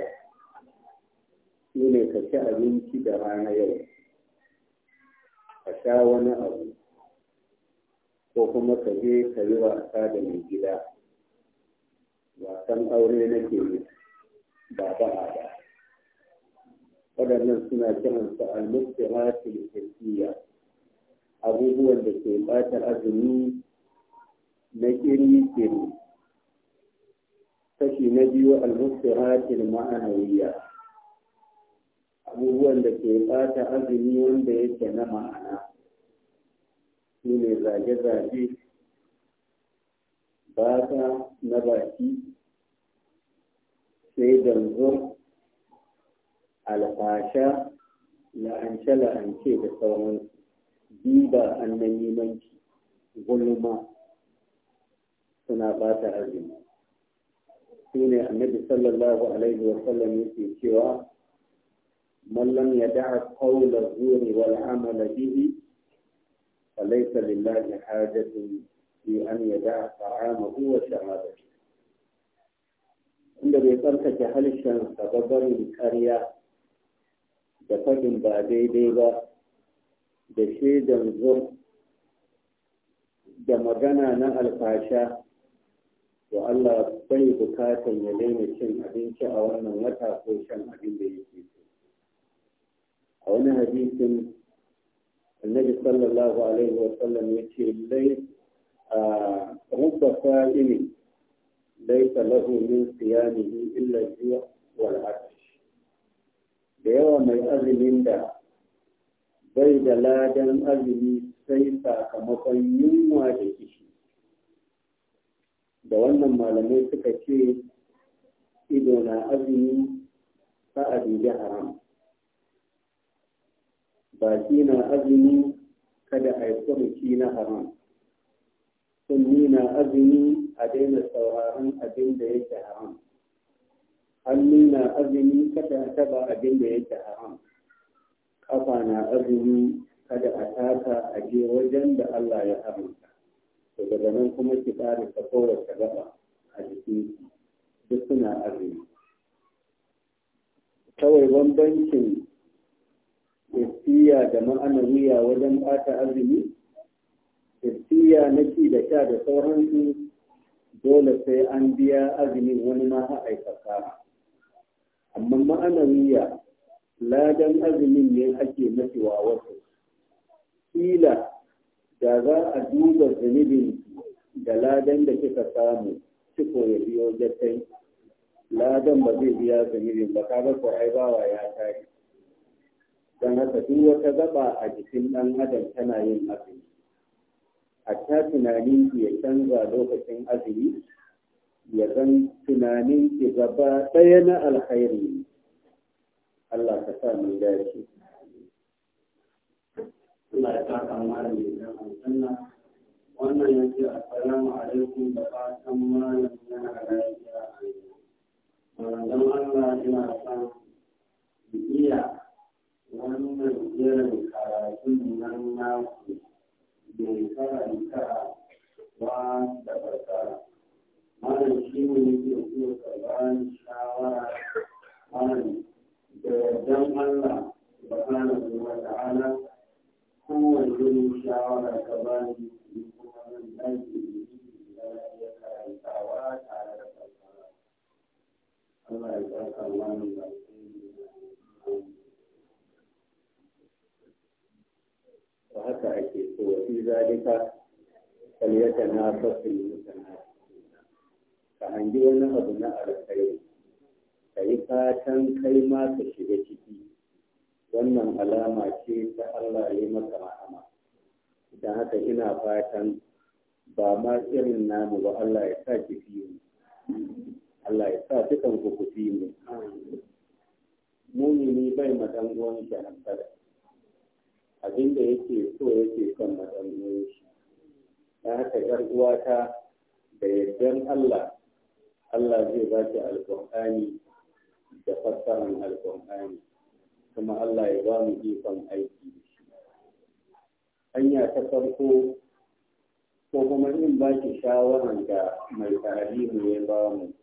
shi ne ka ci abinci da rana yau ka sha wani abu ko kuma ka je ka yi wasa da mai gida wasan aure nake ba ba ba waɗannan suna kiransu al-muftiratul shirkiya abubuwan da ke bata azumi na kiri-kiri kashi na biyu al-muftiratul ma'anawiya abubuwan da ke bata azumi wanda yake na ma'ana su ne zage-zage bata na baki sai danzo على قاشا لا أنشل أنشي بصرمان ديبا أنني منك ظلما سنابات عزيمة سنة النبي صلى الله عليه وسلم في شوا من لم يدع قول الزور والعمل به فليس لله حاجة في أن يدع طعامه وشهادته عندما بيطرك جهل الشمس تبضل بكريات da fadin ba daidai ba da shaidan zur da magana na alfasha to Allah bai bukatan ya daina cin abinci a wannan wata ko shan abin da yake so a wani hadisin annabi sallallahu alaihi wa sallam ya ce lai a rubba sa'ini lai talahu min siyamihi illa jiya wal'ata da yawa mai azumin da bai da ladan azumi sai sakamakon yunwa da kishi da wannan malamai suka ce ido na azumi ta da haram baki na azumi kada a yi furuci na haram sun na azumi a daina sauraron abin da yake haram hannu na azumi kada taba abin da yake haram kafa na azumi kada a taka a je wajen da Allah ya haramta to daga nan kuma ki ƙara ta kowace gaba a jikin duk suna azumi kawai bambancin tafiya da ma'anar wuya wajen ɓata azumi tafiya na ci da sha da sauransu dole sai an biya azumin wani ma aikata amma ma'anawiya ladan azumin ne ake mafi wa wasu kila da za a duba zunubin da ladan da kika samu ciko ya biyo jattai ladan ba zai biya zunubin ba ka ga kwarai bawa ya tare don haka duk wata gaba a jikin ɗan adam tana yin azumi A ta tunanin ya canza lokacin azumi ya zan tunanin ki gaba ɗaya na alkhairi Allah ka sa mu dace Allah ya saka malam da aljanna wannan ya yake assalamu alaikum da fatan malam yana lafiya malam dan Allah ina san iya wannan irin karatun nan naku bai karanta wa da fasara wannan shi ne yake kuma karɓar shawarar wannan da yardan Allah kowanne kuma zan da ya karantawa tare da fassara da haka ake so wa fi zalika ka hangi wani abu na alkhairi ka yi fatan kai ma ka shiga ciki wannan alama ce ta Allah ya yi maka rahama idan haka ina fatan ba ma irin namu ba Allah ya sa ki fiye Allah ya sa dukan ku ku fi mu mumini bai madan uwan shi hankala abinda yake so yake son madan shi ta haka yar uwata da yardan Allah Allah zai ba ki alƙur'ani da fassarar alƙur'ani kuma Allah ya ba mu ikon aiki da shi hanya ta farko ko kuma in ba ki shawarar da mai tarihi ya ba mu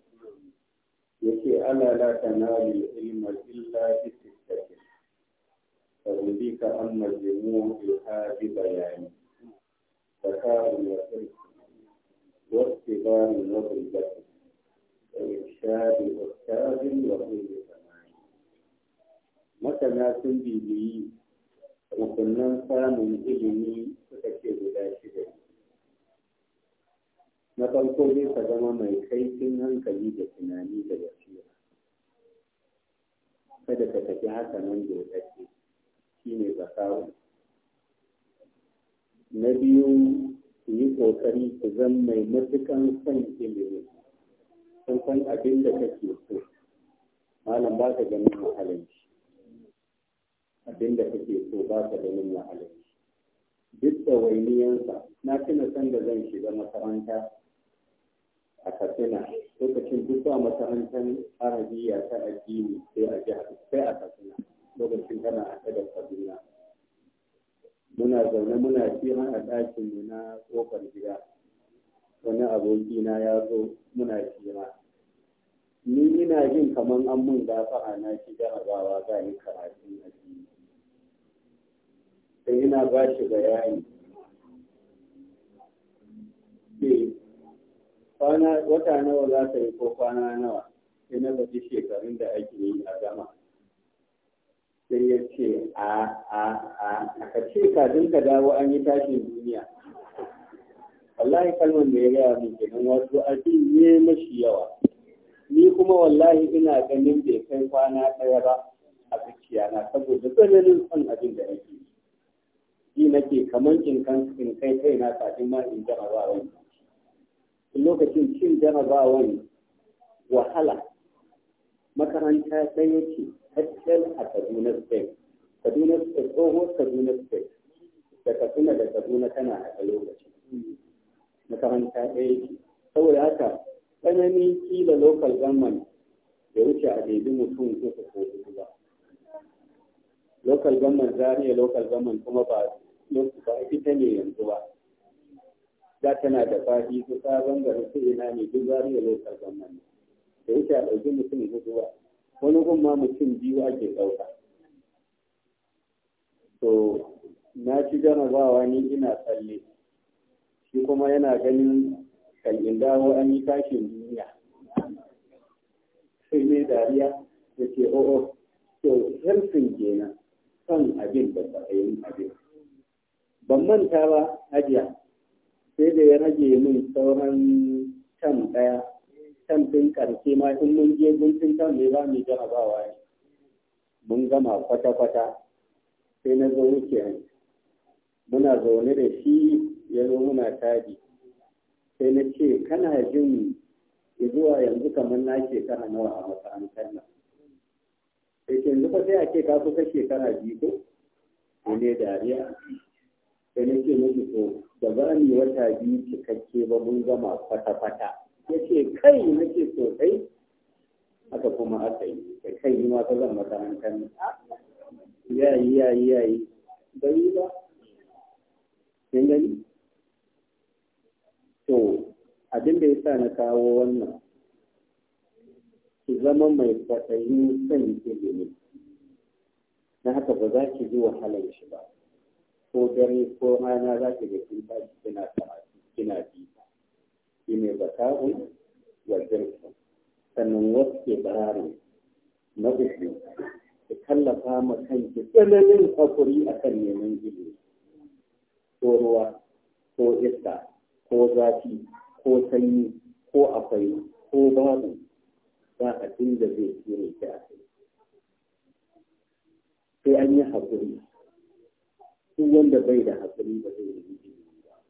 yake Allah la tanalu ilma illa bi sittatin Ka rubika amma jumu'u hadi bayani zaka'u wa irsu Wasu istibaru wa bilbati shabi wasabin wa kulli zamani masana sun bibiyi rukunan samun ilimi suka ce guda shida na farko zai ka zama mai kaifin hankali da tunani da basira kada ka tafi haka nan dodadde shi ne zakaru na biyu ku yi ƙoƙari ku zama mai matukan son ilimin sun san abin da kake so malam ba ka ganin mahalarci abin da kake so ba ka ganin mahalarci duk da wainiyansa na tuna san da zan shiga makaranta a katsina lokacin duk ba makarantar arabiya ta addini sai a jihar sai a katsina lokacin tana a ta kaduna muna zaune muna fira a ɗakinmu na ƙofar gida wani aboki na ya zo muna kima ni ina jin kamar an mun gafa a na ki jarabawa ga ni karatu addini sai ina ba shi bayani ke kwana wata nawa za ta yi ko kwana nawa sai na zaci shekarun da ake yi a gama sai ya ce a a a ka ce ka ka dawo an yi tashin duniya wallahi kalmar da ya gaya min kenan wato abin ne mashi yawa ni kuma wallahi ina ganin bai kai kwana ɗaya ba a zuciya na saboda tsananin son abin da nake yi nake kamar in kan in kai kai na kafin ma in in lokacin cin jarabawan wahala makaranta ɗaya ce a kaduna state kaduna state tsohuwar kaduna state da kaduna da kaduna tana a lokacin makaranta ɗaya ce saboda haka tsanani kila local government da wuce a daidai mutum ko ko ba local government a local government kuma ba ba ita ne yanzu ba da tana da fadi su sabon garin su ina ne duk a local government da wuce a ɗauki mutum hudu ba wani gumma ma mutum biyu ake ɗauka to na ci jarabawa ni ina tsalle shi kuma yana ganin kan dawo an yi tashin duniya sai mai dariya ya ce o'o oh, oh, to helfin kenan son abin da yin abin ban manta ba hajiya sai da ya rage min sauran can ɗaya can ɗin ƙarshe ma in mun je guntun can mai ba mu jarabawa ne mun gama kwata-kwata sai na zo wuce muna zaune da shi ya zo muna tadi sai na ce kana jin zuwa yanzu kamar na shekara nawa a makarantar nan sai ce yanzu fa sai a ce ka kusa shekara biyu ko ko ne dariya sai na ce musu to da ba ni wata biyu cikakke ba mun gama kwata-kwata ya ce kai na ce sosai haka kuma aka yi da kai yi ma ta zan makarantar nan yayi yayi yayi bai ba kin gani to abin da ya sa na kawo wannan ki zama mai kwaɗayin son ilimi na haka ba za ki ji wahalar shi ba ko dare ko rana za ki ga kin tashi kina karatu kina bi shi ne kawo wa zirka, sannan wasu ke barare na uku ki tallafa ma kanki tsananin hakuri akan neman ilimi ko ruwa ko iska ko zafi ko sanyi ko akwai ko babu ba abin da zai tsire ta sai an yi haƙuri duk wanda bai da haƙuri ba zai yi jini ba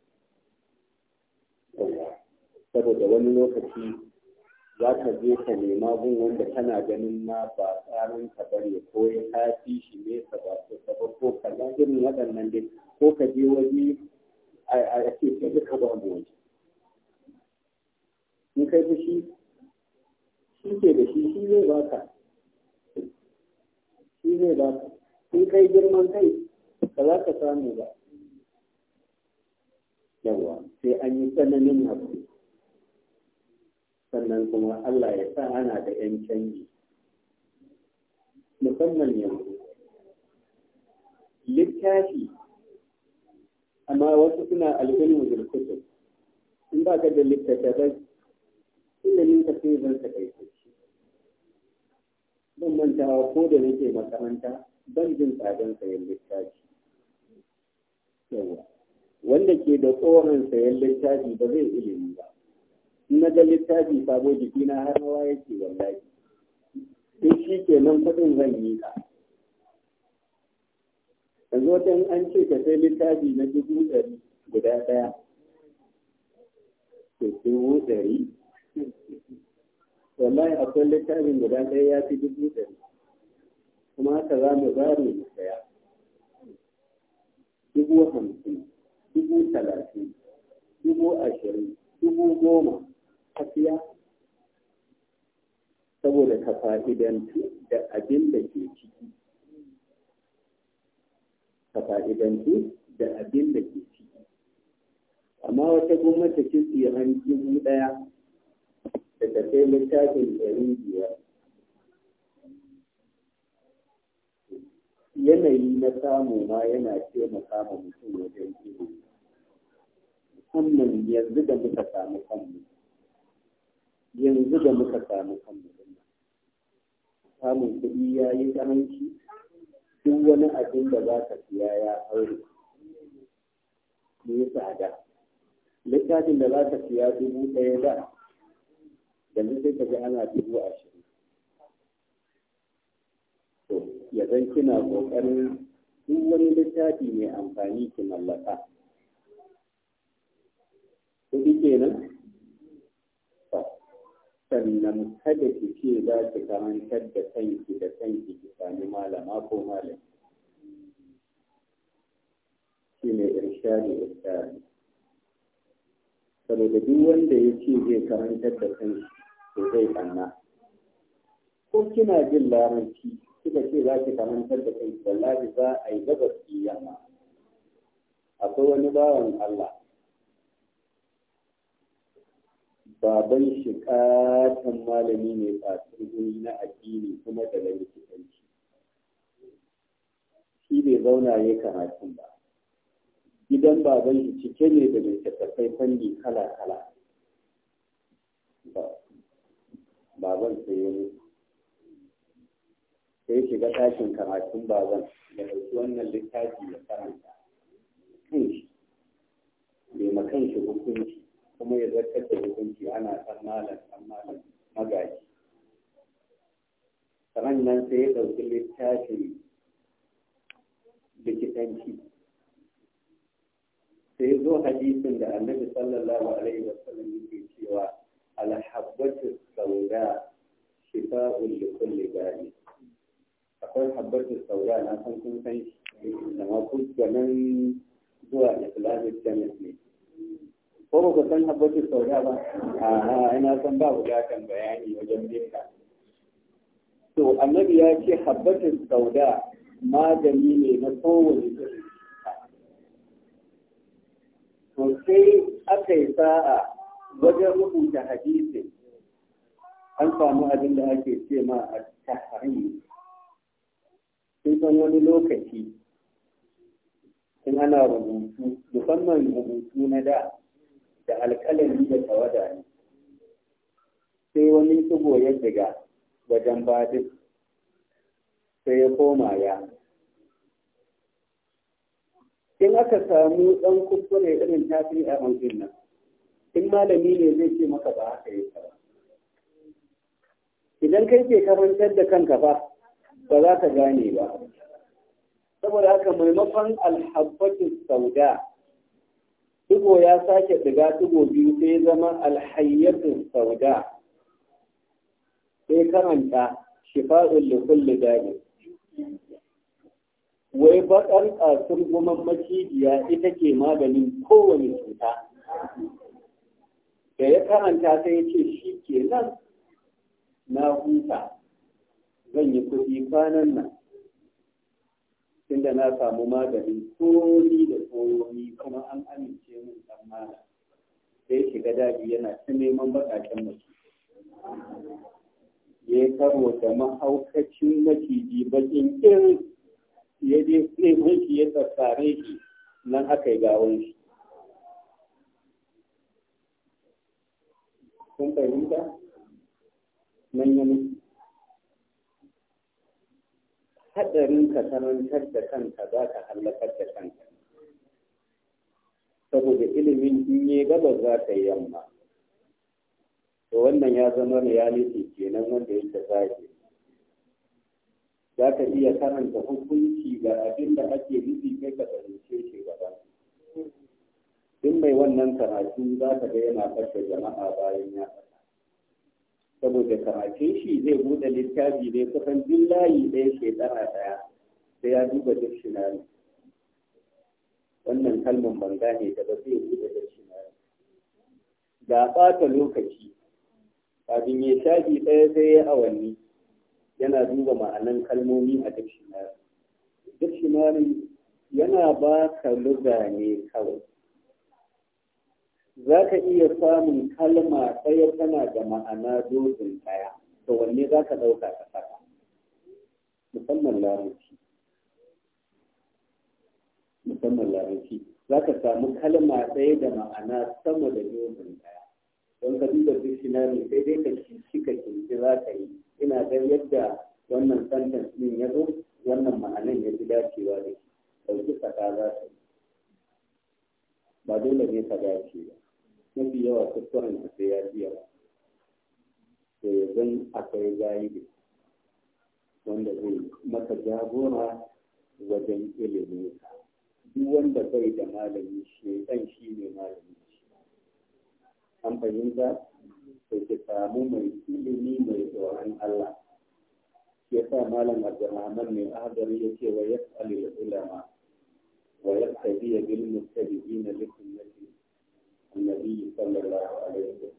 saboda wani lokaci za ka je ka nema gun wanda kana ganin ma ba tsarin ka bane ko ya tafi shi ne ka ba ko ka ba irin waɗannan dai ko ka je waje a ce sun duka ba wanda wanke in kai fushi shi Shi ke da shi shi zai baka shi zai baka in kai girman kai ba za ka samu ba yawa sai an yi tsananin haƙuri sannan kuma Allah ya sa ana da 'yan canji musamman yanzu littafi amma wasu suna al'ilmu da kutub in ba ka da littattafai ilimin ka sai zan ta kai ban mantawa ko da nake makaranta ban jin tsadan sayan littafi wanda ke da tsoron sayan littafi ba zai ilimi ba na ga littafi sabo jikina har hawa yake wallahi duk shi ke nan kuɗin zan yi ka yanzu wajen an ce ka sai littafi na dubu ɗari guda ɗaya to dubu ɗari wallahi akwai littafin guda ɗaya ya fi dubu ɗari kuma haka za mu zaru mu saya dubu hamsin dubu talatin dubu ashirin dubu goma a siya saboda ka fa'idantu da abin da ke ciki ka fa'idantu da abin da ke ciki amma wata gwamnati kitse an dubu ɗaya da tafe littafin ɗari biyar yanayi na samu ma yana taimaka ma mutum wajen ilimi musamman yanzu da muka samu kanmu yanzu da muka samu kanmu samun kuɗi ya yi ƙaranci duk wani abin da za ka siya ya aure ne tsada littafin da za ka siya dubu ɗaya da yanzu sai ka ji ana dubu ashirin to ya zan kina ƙoƙarin duk wani littafi mai amfani ki mallaka kuɗi kenan sannan kada ki ce za ki karantar da kanki da kanki ki sami malama ko malami shi ne irshadi irshadi saboda duk wanda ya ce zai karantar da kanki to zai ɓanna ko kina jin larabci kika ce za ki karantar da kanki wallahi za a yi gabas yamma akwai wani bawan Allah baban shi katon malami ne ba na addini kuma da na likitanci shi bai zauna ya karatun ba gidan baban shi cike ne da littattafai fanni kala-kala baban sai ya sai shiga ɗakin karatun baban da ɗauki wannan littafi ya karanta kan shi bai makan shi hukunci kuma ya zartar da hukunci ana san malam san malam magaji sannan sai ya ɗauki littafin likitanci sai zo hadisin da annabi sallallahu alaihi wasallam yake cewa alhabbatu sauda shifa'un li kulli bali akwai habbatu sauda na san kun san shi da ma kun zuwa islamic Jamus ne ko ba ku san habbatus sauda ba a ina san ba bukatan bayani wajen dinka to annabi ya ce habbatus sauda magani ne na kowane irin to sai aka yi sa'a wajen rubuta hadisi an samu abin da ake ce ma a tahari Sun san wani lokaci in ana rubutu musamman rubutu na da da alƙalami da tawada ne sai wani tugo ya shiga wajen badis sai ya koma ya in aka samu ɗan kuskure irin tafi a hankali nan in malami ne zai ce maka ba haka yi ba idan kai ke karantar da kanka ba ba za ka gane ba saboda haka maimakon alhabbatin sauda Digo ya sake diga digo biyu sai zama alhayyatun sauda sai karanta shifa'un da kulli dani. Wai baƙar ƙasar guman macijiya ita ke maganin kowane cuta. Da ya karanta sai ya ce shi ke nan na huta zan yi kuɗi kwanan nan. tunda na samu magani tsoroni da tsoroni kuma an amince min dan sai shiga daji yana ta neman bakakin mutum ya karo da mahaukacin maciji bakin irin ya je neman shi ya tsare shi nan aka yi gawon shi kun fahimta nan haɗarin ka sanantar da kanka za ka hallakar da kanka saboda ilimin in yi gaba za ka yi yamma to wannan ya zama reality kenan wanda yake zaki za ka iya karanta hukunci ga abin da ake nufi kai ka fahimce shi gaba duk mai wannan karatu za ka ga yana fashe jama'a bayan ya saboda karatun shi zai buɗe littafi ne kusan duk layi ɗaya shekara ɗaya sai ya duba duk dictionary wannan kalmar ban ne da ba zai buɗe dictionary Da ɓata lokaci kafin ya shafi ɗaya sai ya awanni yana duba ma'anan kalmomi a duk na dictionary yana ba ka luga ne kawai za ka iya samun kalma ɗaya tana da ma'ana dozin ɗaya to wanne za ka ɗauka ka saka musamman larabci musamman larabci za ka samu kalma ɗaya da ma'ana sama da dozin ɗaya don ka duba dictionary sai dai ka shika kinci za ka yi ina ga yadda wannan sentence ɗin ya zo wannan ma'anan ya fi dacewa da shi ɗauki saka za ta yi ba dole ne ka dace ba mafi yawa kuskuren a sai ya fi yawa ya zan akwai gaibe wanda zai maka jagora wajen ilimin ka duk wanda bai da malami shi dan shi ne malami an fahimta sai ki samu mai ilimi mai tsoron Allah ya sa malam Abdulrahman mai ahdari ya ce wa yas'alul ulama wa yastabiya bil mustabiqina likulli annabi sallallahu alaihi wasallam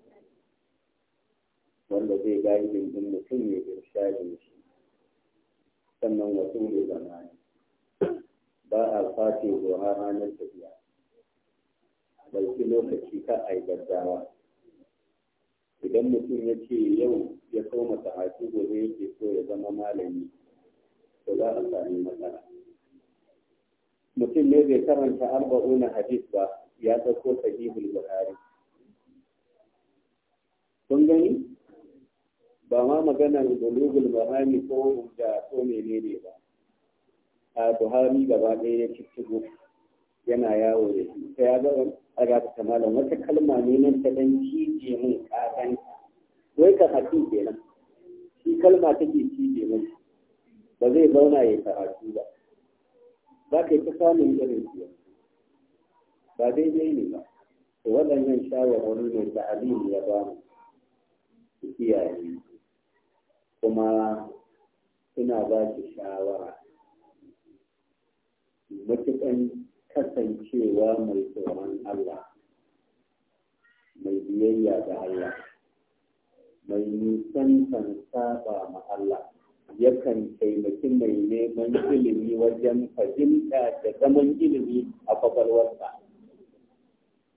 wanda zai gaibin din mutum ya irshadin shi sannan wasu ne zamani ba a face zuwa ranar tafiya ɗauki lokaci ka a yi gaggawa idan mutum ya ce yau ya koma sahatu gobe yake so ya zama malami to za a sami matsala mutum ne bai karanta arba'una hadis ba ya ɗauko sahihul buhari kun gani ba ma maganar bulugul mahami ko da ko menene ba a buhari gaba ɗaya ya ciccigo yana yawo da shi sai ya ga a ga ta malam wata kalma ne nan ta dan cije mun ƙasan wai ka haƙi kenan shi kalma take cije mun. ba zai zauna ya karatu ba za ka yi ta samun irin biyar ba daidai ne ba to waɗannan shawarwari ne da alimi ya ba mu su kiyaye kuma ina ba ki shawara matuƙan kasancewa mai tsoron Allah mai biyayya ga Allah mai nisan nisantan ba ma Allah yakan taimaki mai neman ilimi wajen fahimta da zaman ilimi a kwakwalwarsa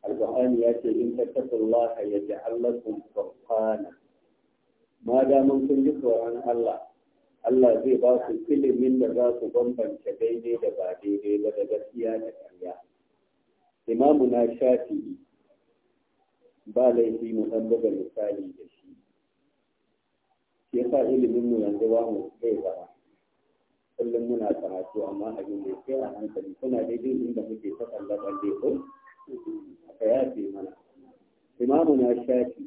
alƙur'ani ya ce in tattaqullaha yaj'al lakum furqana ma da mun kun ji tsoron Allah Allah zai ba ku ilimin da za ku bambance daidai da ba daidai ba da gaskiya da ƙarya imamu na shafi'i ba laifi mu san buga misali da shi shi yasa ilimin mu yanzu ba mu kai ba kullum muna karatu amma abin da kai a hankali kuna daidai inda muke ta kallaban ko ka yafe mana imamu na shafi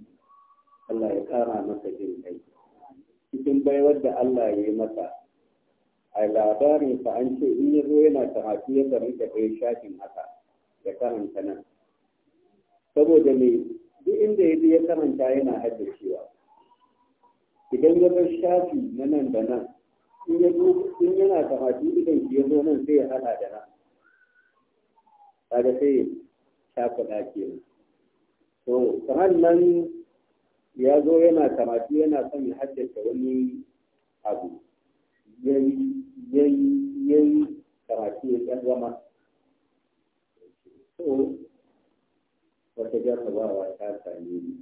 Allah ya kara masa jin kai cikin baiwar da Allah ya yi masa a labarin sa an ce in ya zo yana karatu ya karanta kai shafin haka ya karanta nan saboda me duk inda ya je ya karanta yana haddacewa idan ya bar shafi na nan da nan in ya zo in yana karatu idan ya zo nan sai ya hada da nan kaga sai ta faɗa ke to kamar nan ya zo yana karatu yana son ya haddasa wani abu yayi kamati ya ɗan zama to wata jarrabawa ta sami ni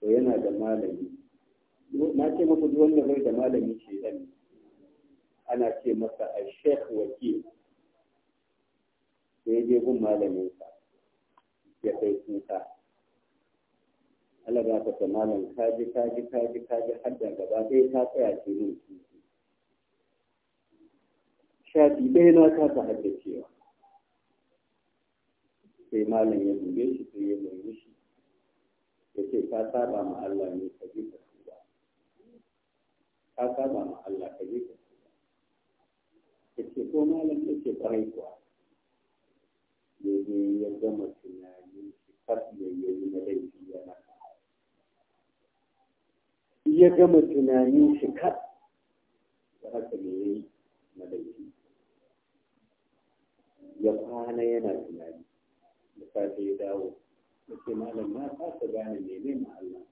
to yana da malami na ce maku duk wanda bai da malami ce ɗan ana ce masa a sheikh wakil sai dai gun malaminsa ya kai kuka Allah ba ka ta malam kaji kaji kaji kaji hadda gaba ɗaya ka tsaya filin kifi shafi ɗaya na kasa cewa sai malam ya dube shi sai ya mai shi ya ce ka saba ma Allah ne ka ji ka tuba ka saba ma Allah ka ji ka tuba ya ce ko malam ya ce ƙwarai kuwa ya ya gama tunani fasiyayyayi na laifi ya maka ya gama tunanin shi ka da haka ne ya yi na laifi ya kwana yana tunani da safe ya dawo ya ce malam na kasa gane mene ma Allah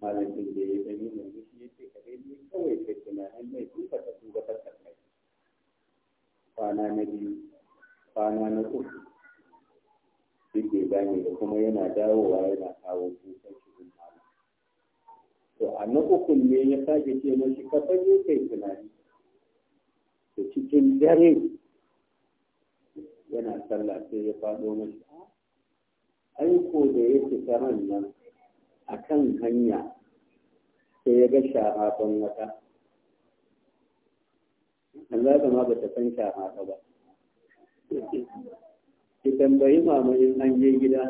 malam din da ya gani na shi ya ce kare ne kawai ka tunanin mai tuba ta tuba ta kwana na biyu kwana na uku yake gane da kuma yana dawowa yana kawo kukan cikin malam to a na ukun ne ya sake ce mashi ka fage kai tunani da cikin dare yana sallah sai ya faɗo mashi aiko da ya fita ran nan a kan hanya sai ya ga shahafan wata Allah zama ba ta san shahafa ba ki tambayi mama in an je gida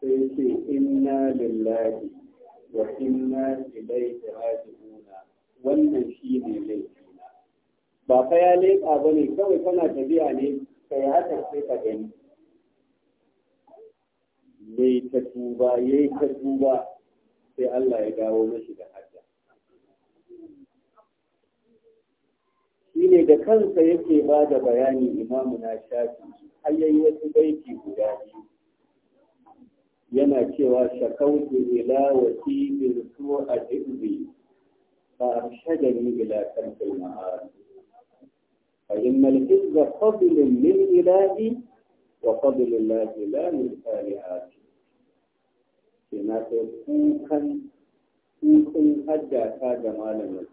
sai ce inna lillahi wa inna ilaihi raji'una wannan shi ne laifina ba fa ya leƙa ba ne kawai kana tafiya ne ka yi haka sai ka gani yayi ta tuba yayi ta tuba sai Allah ya dawo mashi da shi ne da kansa yake ba da bayani imamu na shafi hayayi wasu baiti guda biyu yana cewa shakautu ila wasibin su a jirgi a arshadani ila kalfil ma'asi fa innal hizza fadlun min ilahi wa fadlun lahi la min salihati sai na kai kukan kukun haddata ga malamin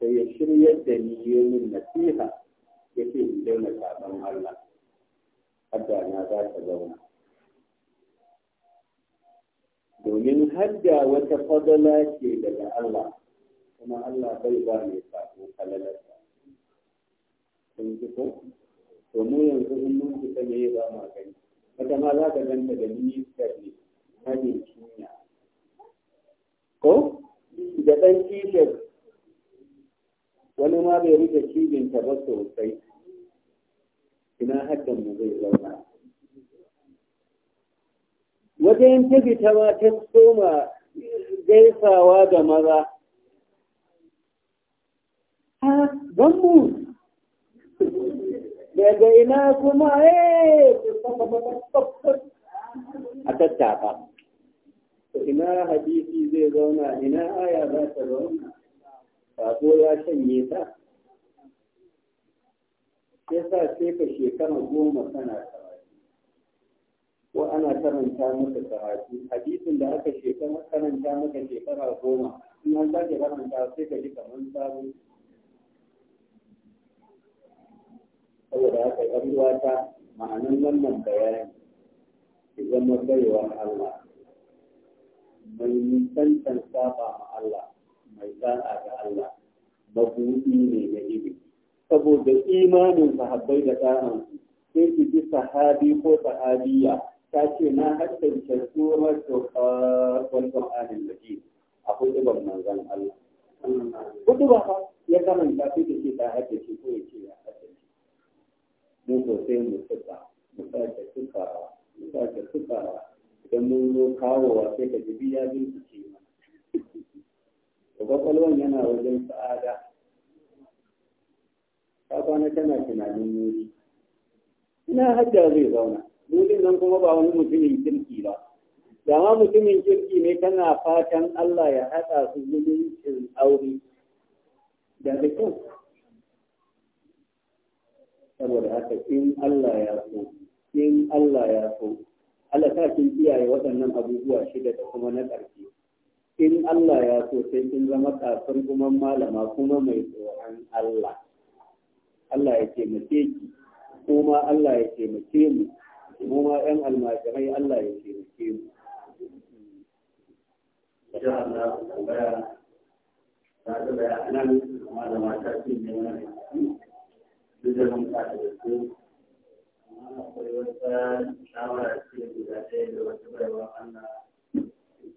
sai ya shirya da ni yi min nasiha ya ce in daina saɓon Allah hadda na za ta zauna domin hadda wata fadala ce daga Allah kuma Allah bai ba mai sabon kalalarsa sun ji ko to mu yanzu in mun fita ne ba ma gani wata ma za ka ganta da ministar ne hajin kimiyya ko da ɗan t-shirt wani ma bai rike cibinta ba sosai ina haddan mu zai zauna wajen ta ma ta soma gaisawa da maza ha ban mu daga ina kuma eh, a tattaka ina hadisi zai zauna ina aya za ta zauna sabo ya shanye ta yasa sai ka shekara goma kana ko ana karanta maka karatu hadisin da aka shekara karanta maka shekara goma in an sake karanta sai ka ji kamar sabo saboda haka yan uwata ma'anan wannan bayani ki zama baiwar Allah mai nisantan saba ma Allah mai sa'a ga Allah mabuɗi ne na ilimi saboda imanin sahabbai da sa'ansu sai ki ji sahabi ko sahabiya ta ce na haddance surar tokon Qur'anin da ke a hudubar manzon Allah. Huduba fa ya karanta sai ta ke ta haddace ko ya ce ya haddace. Mu sosai mu suka, mu sake sukawa, mu sake sukawa. Idan mun zo kawowa sai ka ji biya bin su ce da kwakwalwan yana wajen tsada. ta kwana tana tunanin wuri ina hajja zai zauna wurin nan kuma ba wani mutumin kirki ba dama mutumin kirki ne tana fatan Allah ya haɗa su zumuncin aure da kyau saboda haka in Allah ya so in Allah ya so Allah ta kin kiyaye waɗannan abubuwa shida da kuma na ƙarfi in Allah ya so sai kin zama kafin kuma malama kuma mai tsoron Allah Allah ya taimake ki kuma Allah ya taimake mu kuma 'yan almajirai Allah ya taimake mu Allah ku ga ta da bayanan malama ta ce wannan duk da mun ka da su akwai da shawara ce da ɗaya da wata Allah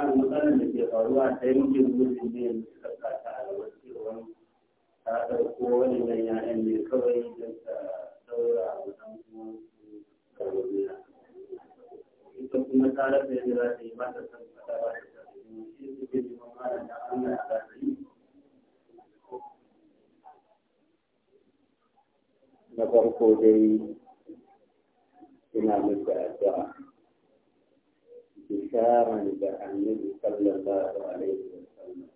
labarin matsalar da ke faruwa sai mutum gudun ne yanzu suka kasa a wasu cewa ta ɗauko waɗannan ‘ya'yan ne kawai don ta ɗaura a wajen kuma su karbabiya. Ita kuma ta rasa yadda za ta yi ba ta san fata ba ta san shi suke jiman malam da Allah ya ta yi. Na farko dai ina addu'a. kisharan da annabi sallallahu alaihi wa sallam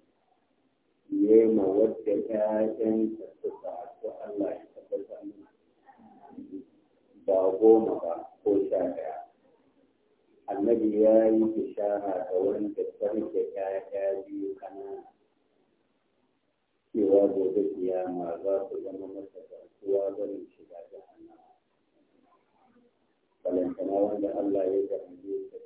ne ma wacce ƴaƴan ta suka ko Allah ya tabbata mana ba goma ba ko sha ɗaya Amadu ya yi kishara ga wanda farke ƴaƴa biyu kanana cewa gobe kiyama za su zama masa garkuwa ganin shiga jahannama. Balantana wanda Allah ya garanti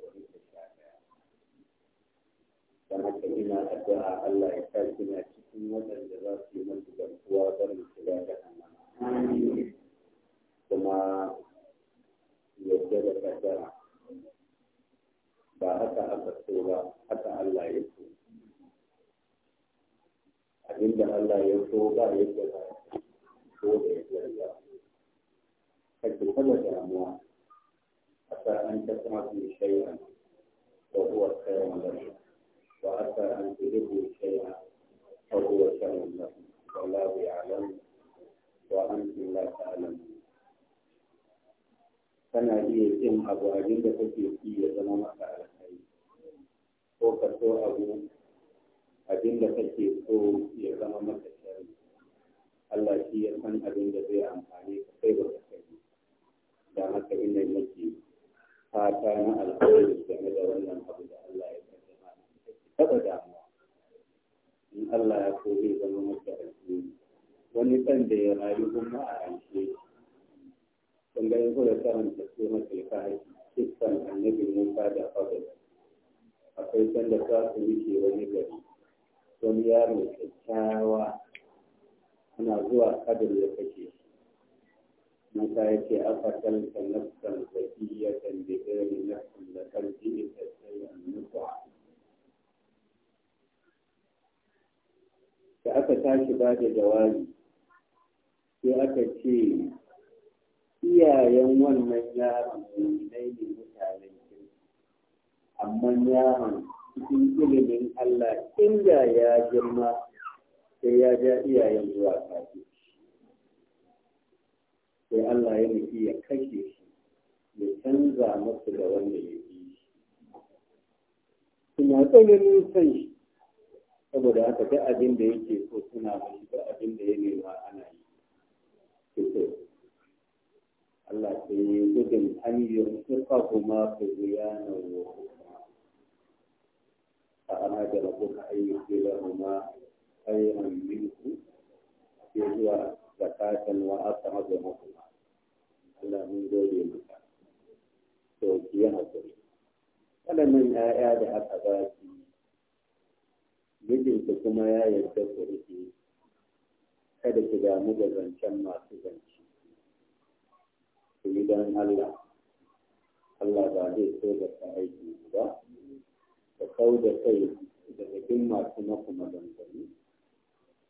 don haka ina addu'a Allah ya sa kina cikin waɗanda za su yi masu garkuwa barin shiga da amana kuma yadda da kaddara ba haka aka so ba haka Allah ya so abinda Allah ya so ba yadda ba so da yadda ba kake kada damuwa a sa'an ta kuma su shay'an wa huwa khairan lak وعسى أن تجدوا شيئا فهو شر لكم والله يعلم وأنتم لا تعلمون kana iya cin abu abin da kake ci ya zama maka alkhairi ko ka so abu abin da kake so ya zama maka shari Allah shi ya san abin da zai amfani ka kai ba ka kai da haka ina nake fata na alkhairi game da wannan abu da Allah ya taɓa damuwa in Allah ya so zai zama mata alheri wani ɗan da ya rayu kuma a hanshe kun ga yanzu da karanta sunan alfahari dukkan annabi Musa da Fadl akwai sanda za su wuce wani gari wani yaro kyakkyawa ana zuwa kadar ya kashe Musa ya ce aka talta nafsan zakiya kan da irin nafsan da kan ji da sai an nufa da aka tashi ba da jawabi sai aka ce iyayen wannan yaron muminai ne mutanen kirki amma yaron cikin ilimin Allah inda ya girma sai ya ja iyayen zuwa kafin sai Allah ya nufi ya kashe shi ya canza masu da wanda ya yi shi. Ina tsananin san shi saboda haka duk abin da yake so suna mashi duk abin da ya nema ana yi fito Allah ta yi gudun hanyar suka kuma ku biya na a ana da rabu ka ayyuki da kuma ayyukan minku ke zuwa zakatan wa aka mazo makuma Allah mun gode maka to ki yi hakuri waɗannan 'ya'ya da aka ba shi. mijinta kuma ya yarda ku rike kada ki damu da zancen masu zance ku yi don Allah Allah ba zai so da ta aiki ba da kau da kai da jikin masu maku maganganu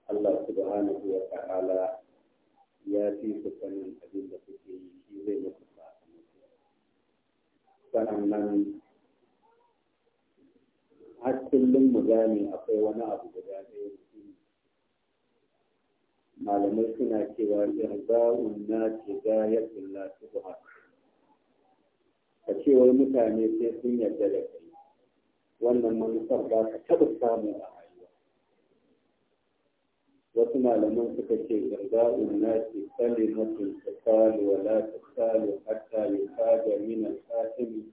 Allah subhanahu wa ta'ala ya fi ku sanin abin da kuke yi shi zai muku sakamako sannan har kullum mu gane akwai wani abu guda ɗaya malamai suna cewa irza'un na ce ga yadda na su ka ce wai mutane sai sun yarda da kai wannan manufar ba ka taɓa samu a rayuwa wasu malaman suka ce irza'un na ce kalimatun ta kalu wa la ta kalu hatta yi kaga min al-khatimi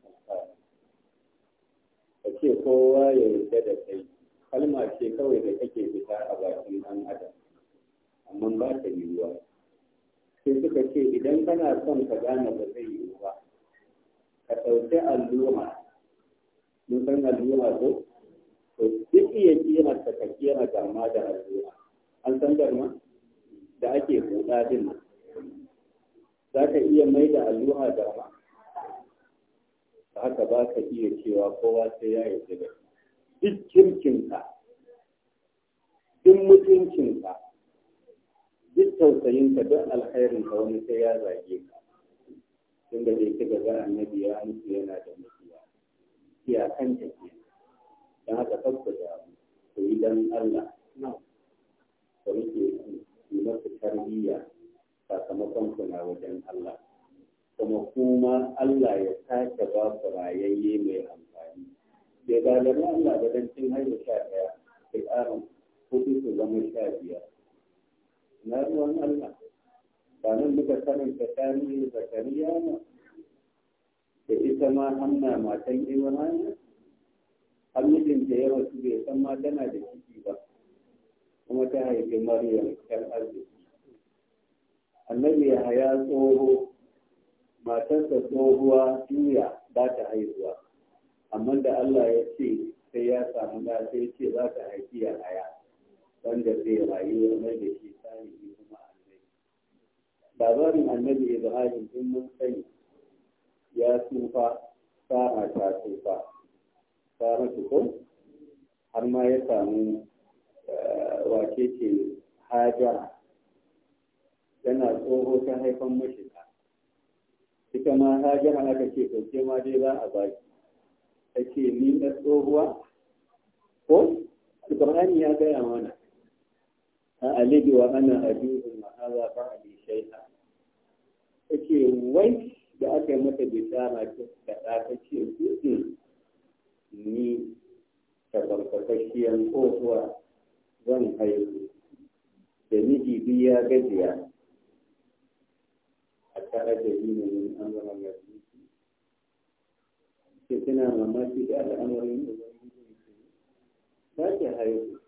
ka ce kowa ya rike da kai kalma ce kawai da kake fita a bakin ɗan adam amma ba ta yiwuwa sai suka ce idan kana son ka gane ba zai yiwu ba ka ɗauki alluma mun san alluma ko to duk iya kimar ka kera garma da alluma an san garma da ake buɗa din za ka iya mai da alluma garma haka ba ka iya cewa kowa sai ya yi da duk kirkinka duk mutuncinka duk tausayinka don alkhairinka wani sai ya zage ka tun da dai kika ga annabi ya mutu yana da mutuwa iya kan ke don haka tabbata ku yi don Allah da muke yi masu tarbiyya sakamakon kuna wajen Allah kuma kuma Allah ya sake ba ku rayayye mai amfani bai galabi Allah ba don cin haihu sha ɗaya sai ƙarin hudu su zama sha biyar na ruwan Allah ba nan muka sanin tsakanin zakariya ba da ita ma hamna matan ibrahim hamidin da yawa su bai san ma tana da ciki ba kuma ta haifi maryam yan arziki annabi ya haya tsoho matarsa tsohuwa juya ba ta haihuwa amma da Allah ya ce sai ya samu na sai ce za ta haifi ya haya wanda zai rayu a da shi sani kuma annabi labarin annabi ibrahim din mun sani ya tsufa sa'a ta tsufa sa'a ko har ma ya samu eh, wace ce hajara tana tsoho ta haifan mashiga ita ma hajara aka ce ɗauke ma dai za a baki ake ni na tsohuwa ko alƙur'ani ya gaya mana a alibi wa ana abin ma'aza ba a bi ta ake wai da aka yi mata bishara ta kaɗa ta ce hmm, ni ko zuwa zan haihu da miji biya gajiya da تعجبين من أمر الله suna mamaki da al'amarin za ki haihu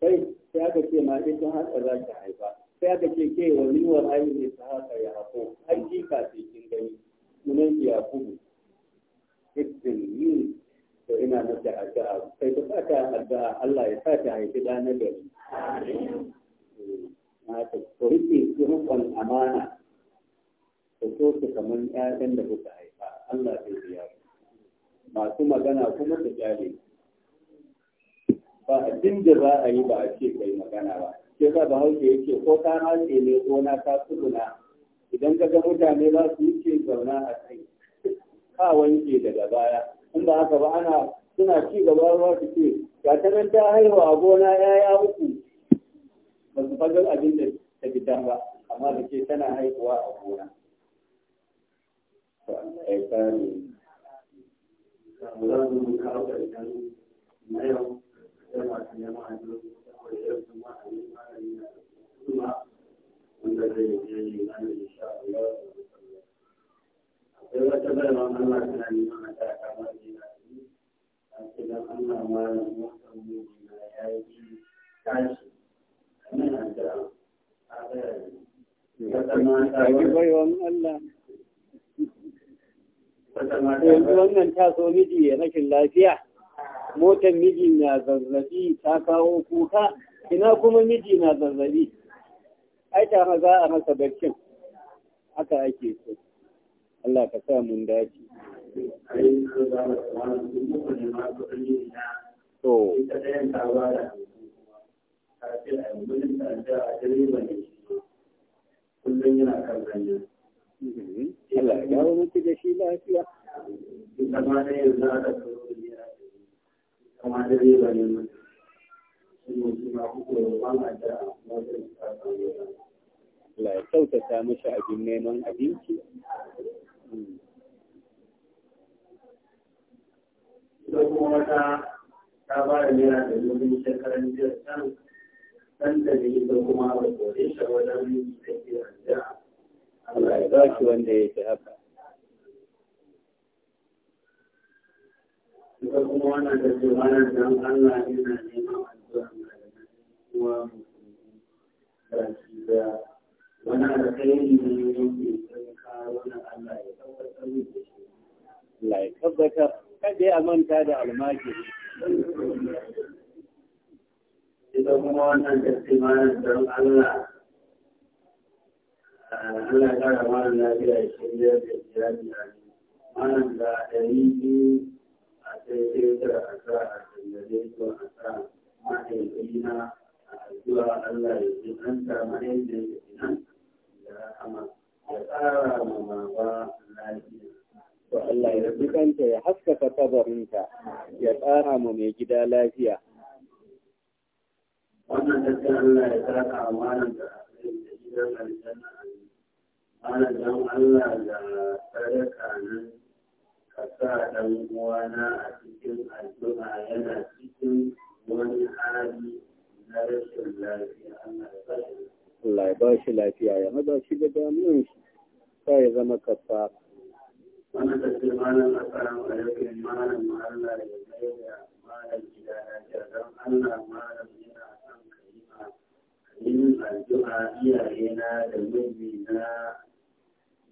sai sai aka ce ma ita haka za ta haifa sai aka ce ke wani wa ayi ne ta haka ya hako an jika ce kin gani sunan ki ya kubu ikin yi to ina mata addu'a sai ta sa ta addu'a Allah ya sa ta haifi da na gari na ta kurke kirkon amana ku su kamar ƴaƴan da kuka haifa Allah zai biya masu magana kuma su jari ba abin da za a yi ba a ce kai magana ba sai sa ba hauke yake ko ka hace ne ko na ka tsuguna idan ka ga mutane za su ke zauna a kai ka wanke daga baya in ba haka ba ana suna ci gaba ruwa su ce ga ta nan haihu a gona yaya uku ba su fagar abin da ta fita ba amma da ke tana haihuwa a gona ya kare akwai wata bayan Allah tana neman a ta kama jina a cikin ya yi a da Allah yanzu wannan ta so miji ya rashin lafiya motar miji na zazzabi ta kawo kuka ina kuma miji na zazzabi ai ta za a masa barcin haka ake so Allah ka sa mun dace to kullum yana kan hanya Mhm. Allah ya dawo lafiya. Kama da yanzu aka da kama kyautata mashi abin neman abinci. Hmm. Ita kuma wata ta ba da naira da shekaran jiya can, da ne ita kuma ba kore shi wajen yi da ke Allah ya ba shi wanda ya fi haka. Ita kuma wannan da ce wannan don Allah yana neman addu'a malamai kuwa musulmi da shi da wani alkhairi ne yake sun kawo na Allah ya tabbatar da shi. Allah ya tabbatar kada a manta da almaki. Ita kuma wannan da ce wannan don Allah muna kara mara lafiya ya shirya da iyali a ne manan da ɗari biyu a sai da a sa a a sa a Allah ya da ya ma lafiya. Allah ya ya haskaka kabarinta ya ƙara ma mai gida lafiya. Wannan tattalin Allah ya ƙara amanar da gidan aljanna ana don Allah da sadaka nan ka sa ɗan uwana a cikin addu'a yana cikin wani hali na rashin lafiya Allah ya ba shi lafiya ya haɗa shi da damuwan shi sa ya zama kafa. Wani da ce malam a tsarin alaƙin malam Allah ya mai da malam gida lafiya don Allah malam yana son ka yi ma yin addu'a iyayena da mijina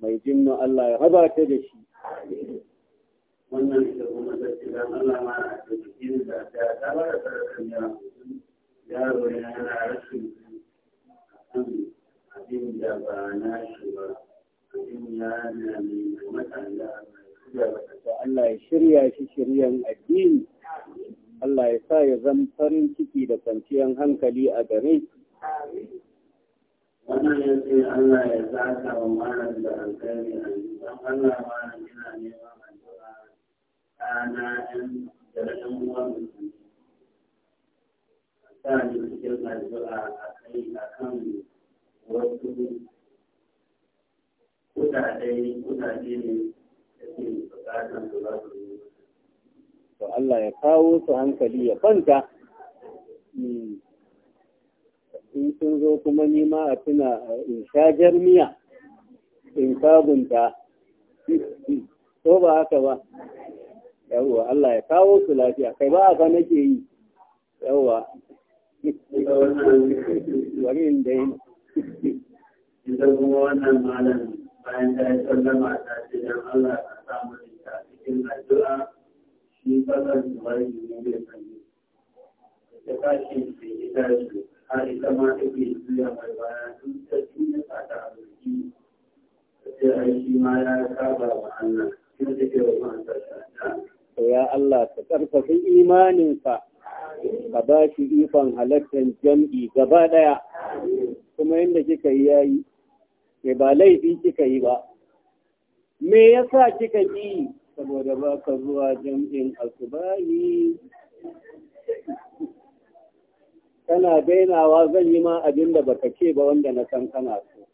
mai jinnu Allah ya raba ta da shi wannan da kuma da Allah ma na da jikin da ta ta ba da sarkin ya yaro yana rashin kan abin da ba na shi ba abin ya na ne mutane da Allah ya shirya shi shiryan addini Allah ya sa ya zama farin ciki da kwanciyar hankali a gare shi wannan ya ce Allah ya zata wa malam da alkhairi a don Allah malam ina a addu'a ɗana ɗan da ɗan uwan musulmi ta ne cikin addu'a a kai a kan wasu kuɗaɗe kuɗaɗe ne da ke buƙatar su ba su to Allah ya kawo su hankali ya kwanta. Hmm. in sun zo kuma nima a tuna in sha jarmiya in sabunta ko ba haka ba yawwa Allah ya kawo su lafiya kai ba haka nake yi yawwa wani inda yi inda kuma wannan malam bayan ta yi sallama ta ce don Allah ka samu ta cikin addu'a shi kasan su bari ne mai sanyi da kashi mai ita su abinci ma ya saba Allah to ya Allah ka karfafa imaninsa ka ba shi ikon halartar jam'i gaba ɗaya. kuma yadda kika yi yayi ke eh, ba laifi kika yi ba me yasa kika yi saboda ba ka zuwa jam'in asubari kana dainawa zan yi ma abin da baka ce ba wanda na san kana so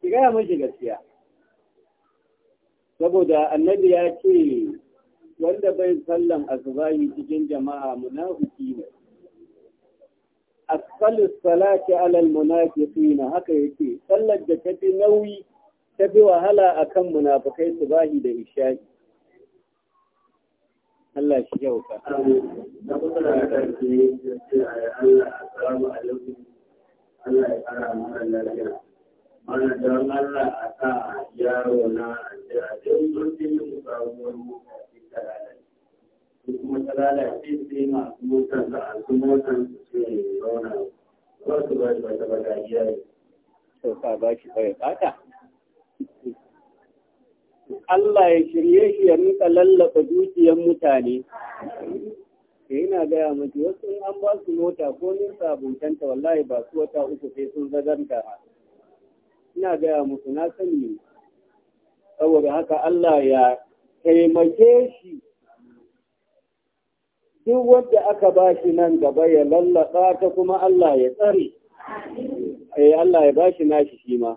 ki gaya mashi gaskiya saboda annabi ya ce wanda bai sallan azbahi cikin jama'a munafiki ne asfal salati alal munafiqina haka yake sallar da tafi nauyi tafi wahala akan munafikai subahi da isha'i Allah shi yau ka. Na kusa da ce a yi Allah Allah ya fara mara lafiya. Mana don Allah a sa yaro na a ce a ce sun ce yin sabuwar mota ce ta lalace. kuma ta lalace sai masu motar da alsu su ce zauna. Wasu ba shi ba ta ba da iyaye. Sau ka ba shi kawai fata. Allah ya shirye shi ya nuka lallaba dukiyar mutane da eh, yana gaya mata wasu an ba su mota ko min sabuntanta wallahi ba su wata uku sai sun zaganta ina gaya musu na sani saboda haka Allah ya taimake shi duk wanda aka ba shi nan gaba ya lallaba ta kuma Allah ya tsare eh Allah ya ba shi nashi shi ma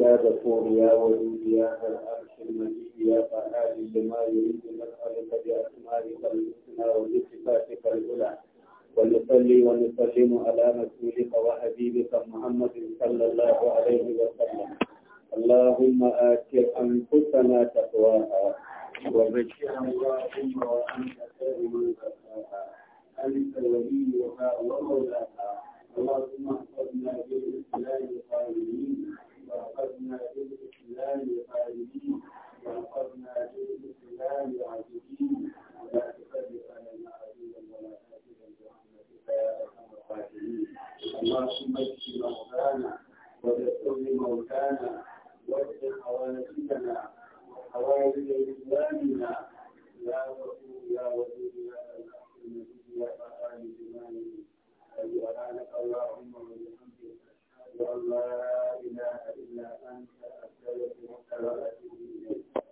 يا غفور يا ودود يا ذا العرش المجيد يا فعال لما يريد نسألك بأسمائك الحسنى وبصفاتك العلى ونصلي ونسلم على رسولك وحبيبك محمد صلى الله عليه وسلم اللهم آت أنفسنا تقواها وزكها اللهم وأنت خير من زكاها أنت وليها ومولاها اللهم احفظنا بالاسلام قائمين واحفظنا بالاسلام قائمين واحفظنا بالاسلام عاجزين ولا تفرق لنا عدوا ولا تاجلا برحمتك يا ارحم اللهم اشف مرضانا ودستر موتانا واشف حوادثنا وحوادث اسلامنا يا غفور يا ودود يا ذا النبي يا سبحانك أشهد أن لا إله إلا أنت أستغفرك وأتوب إليك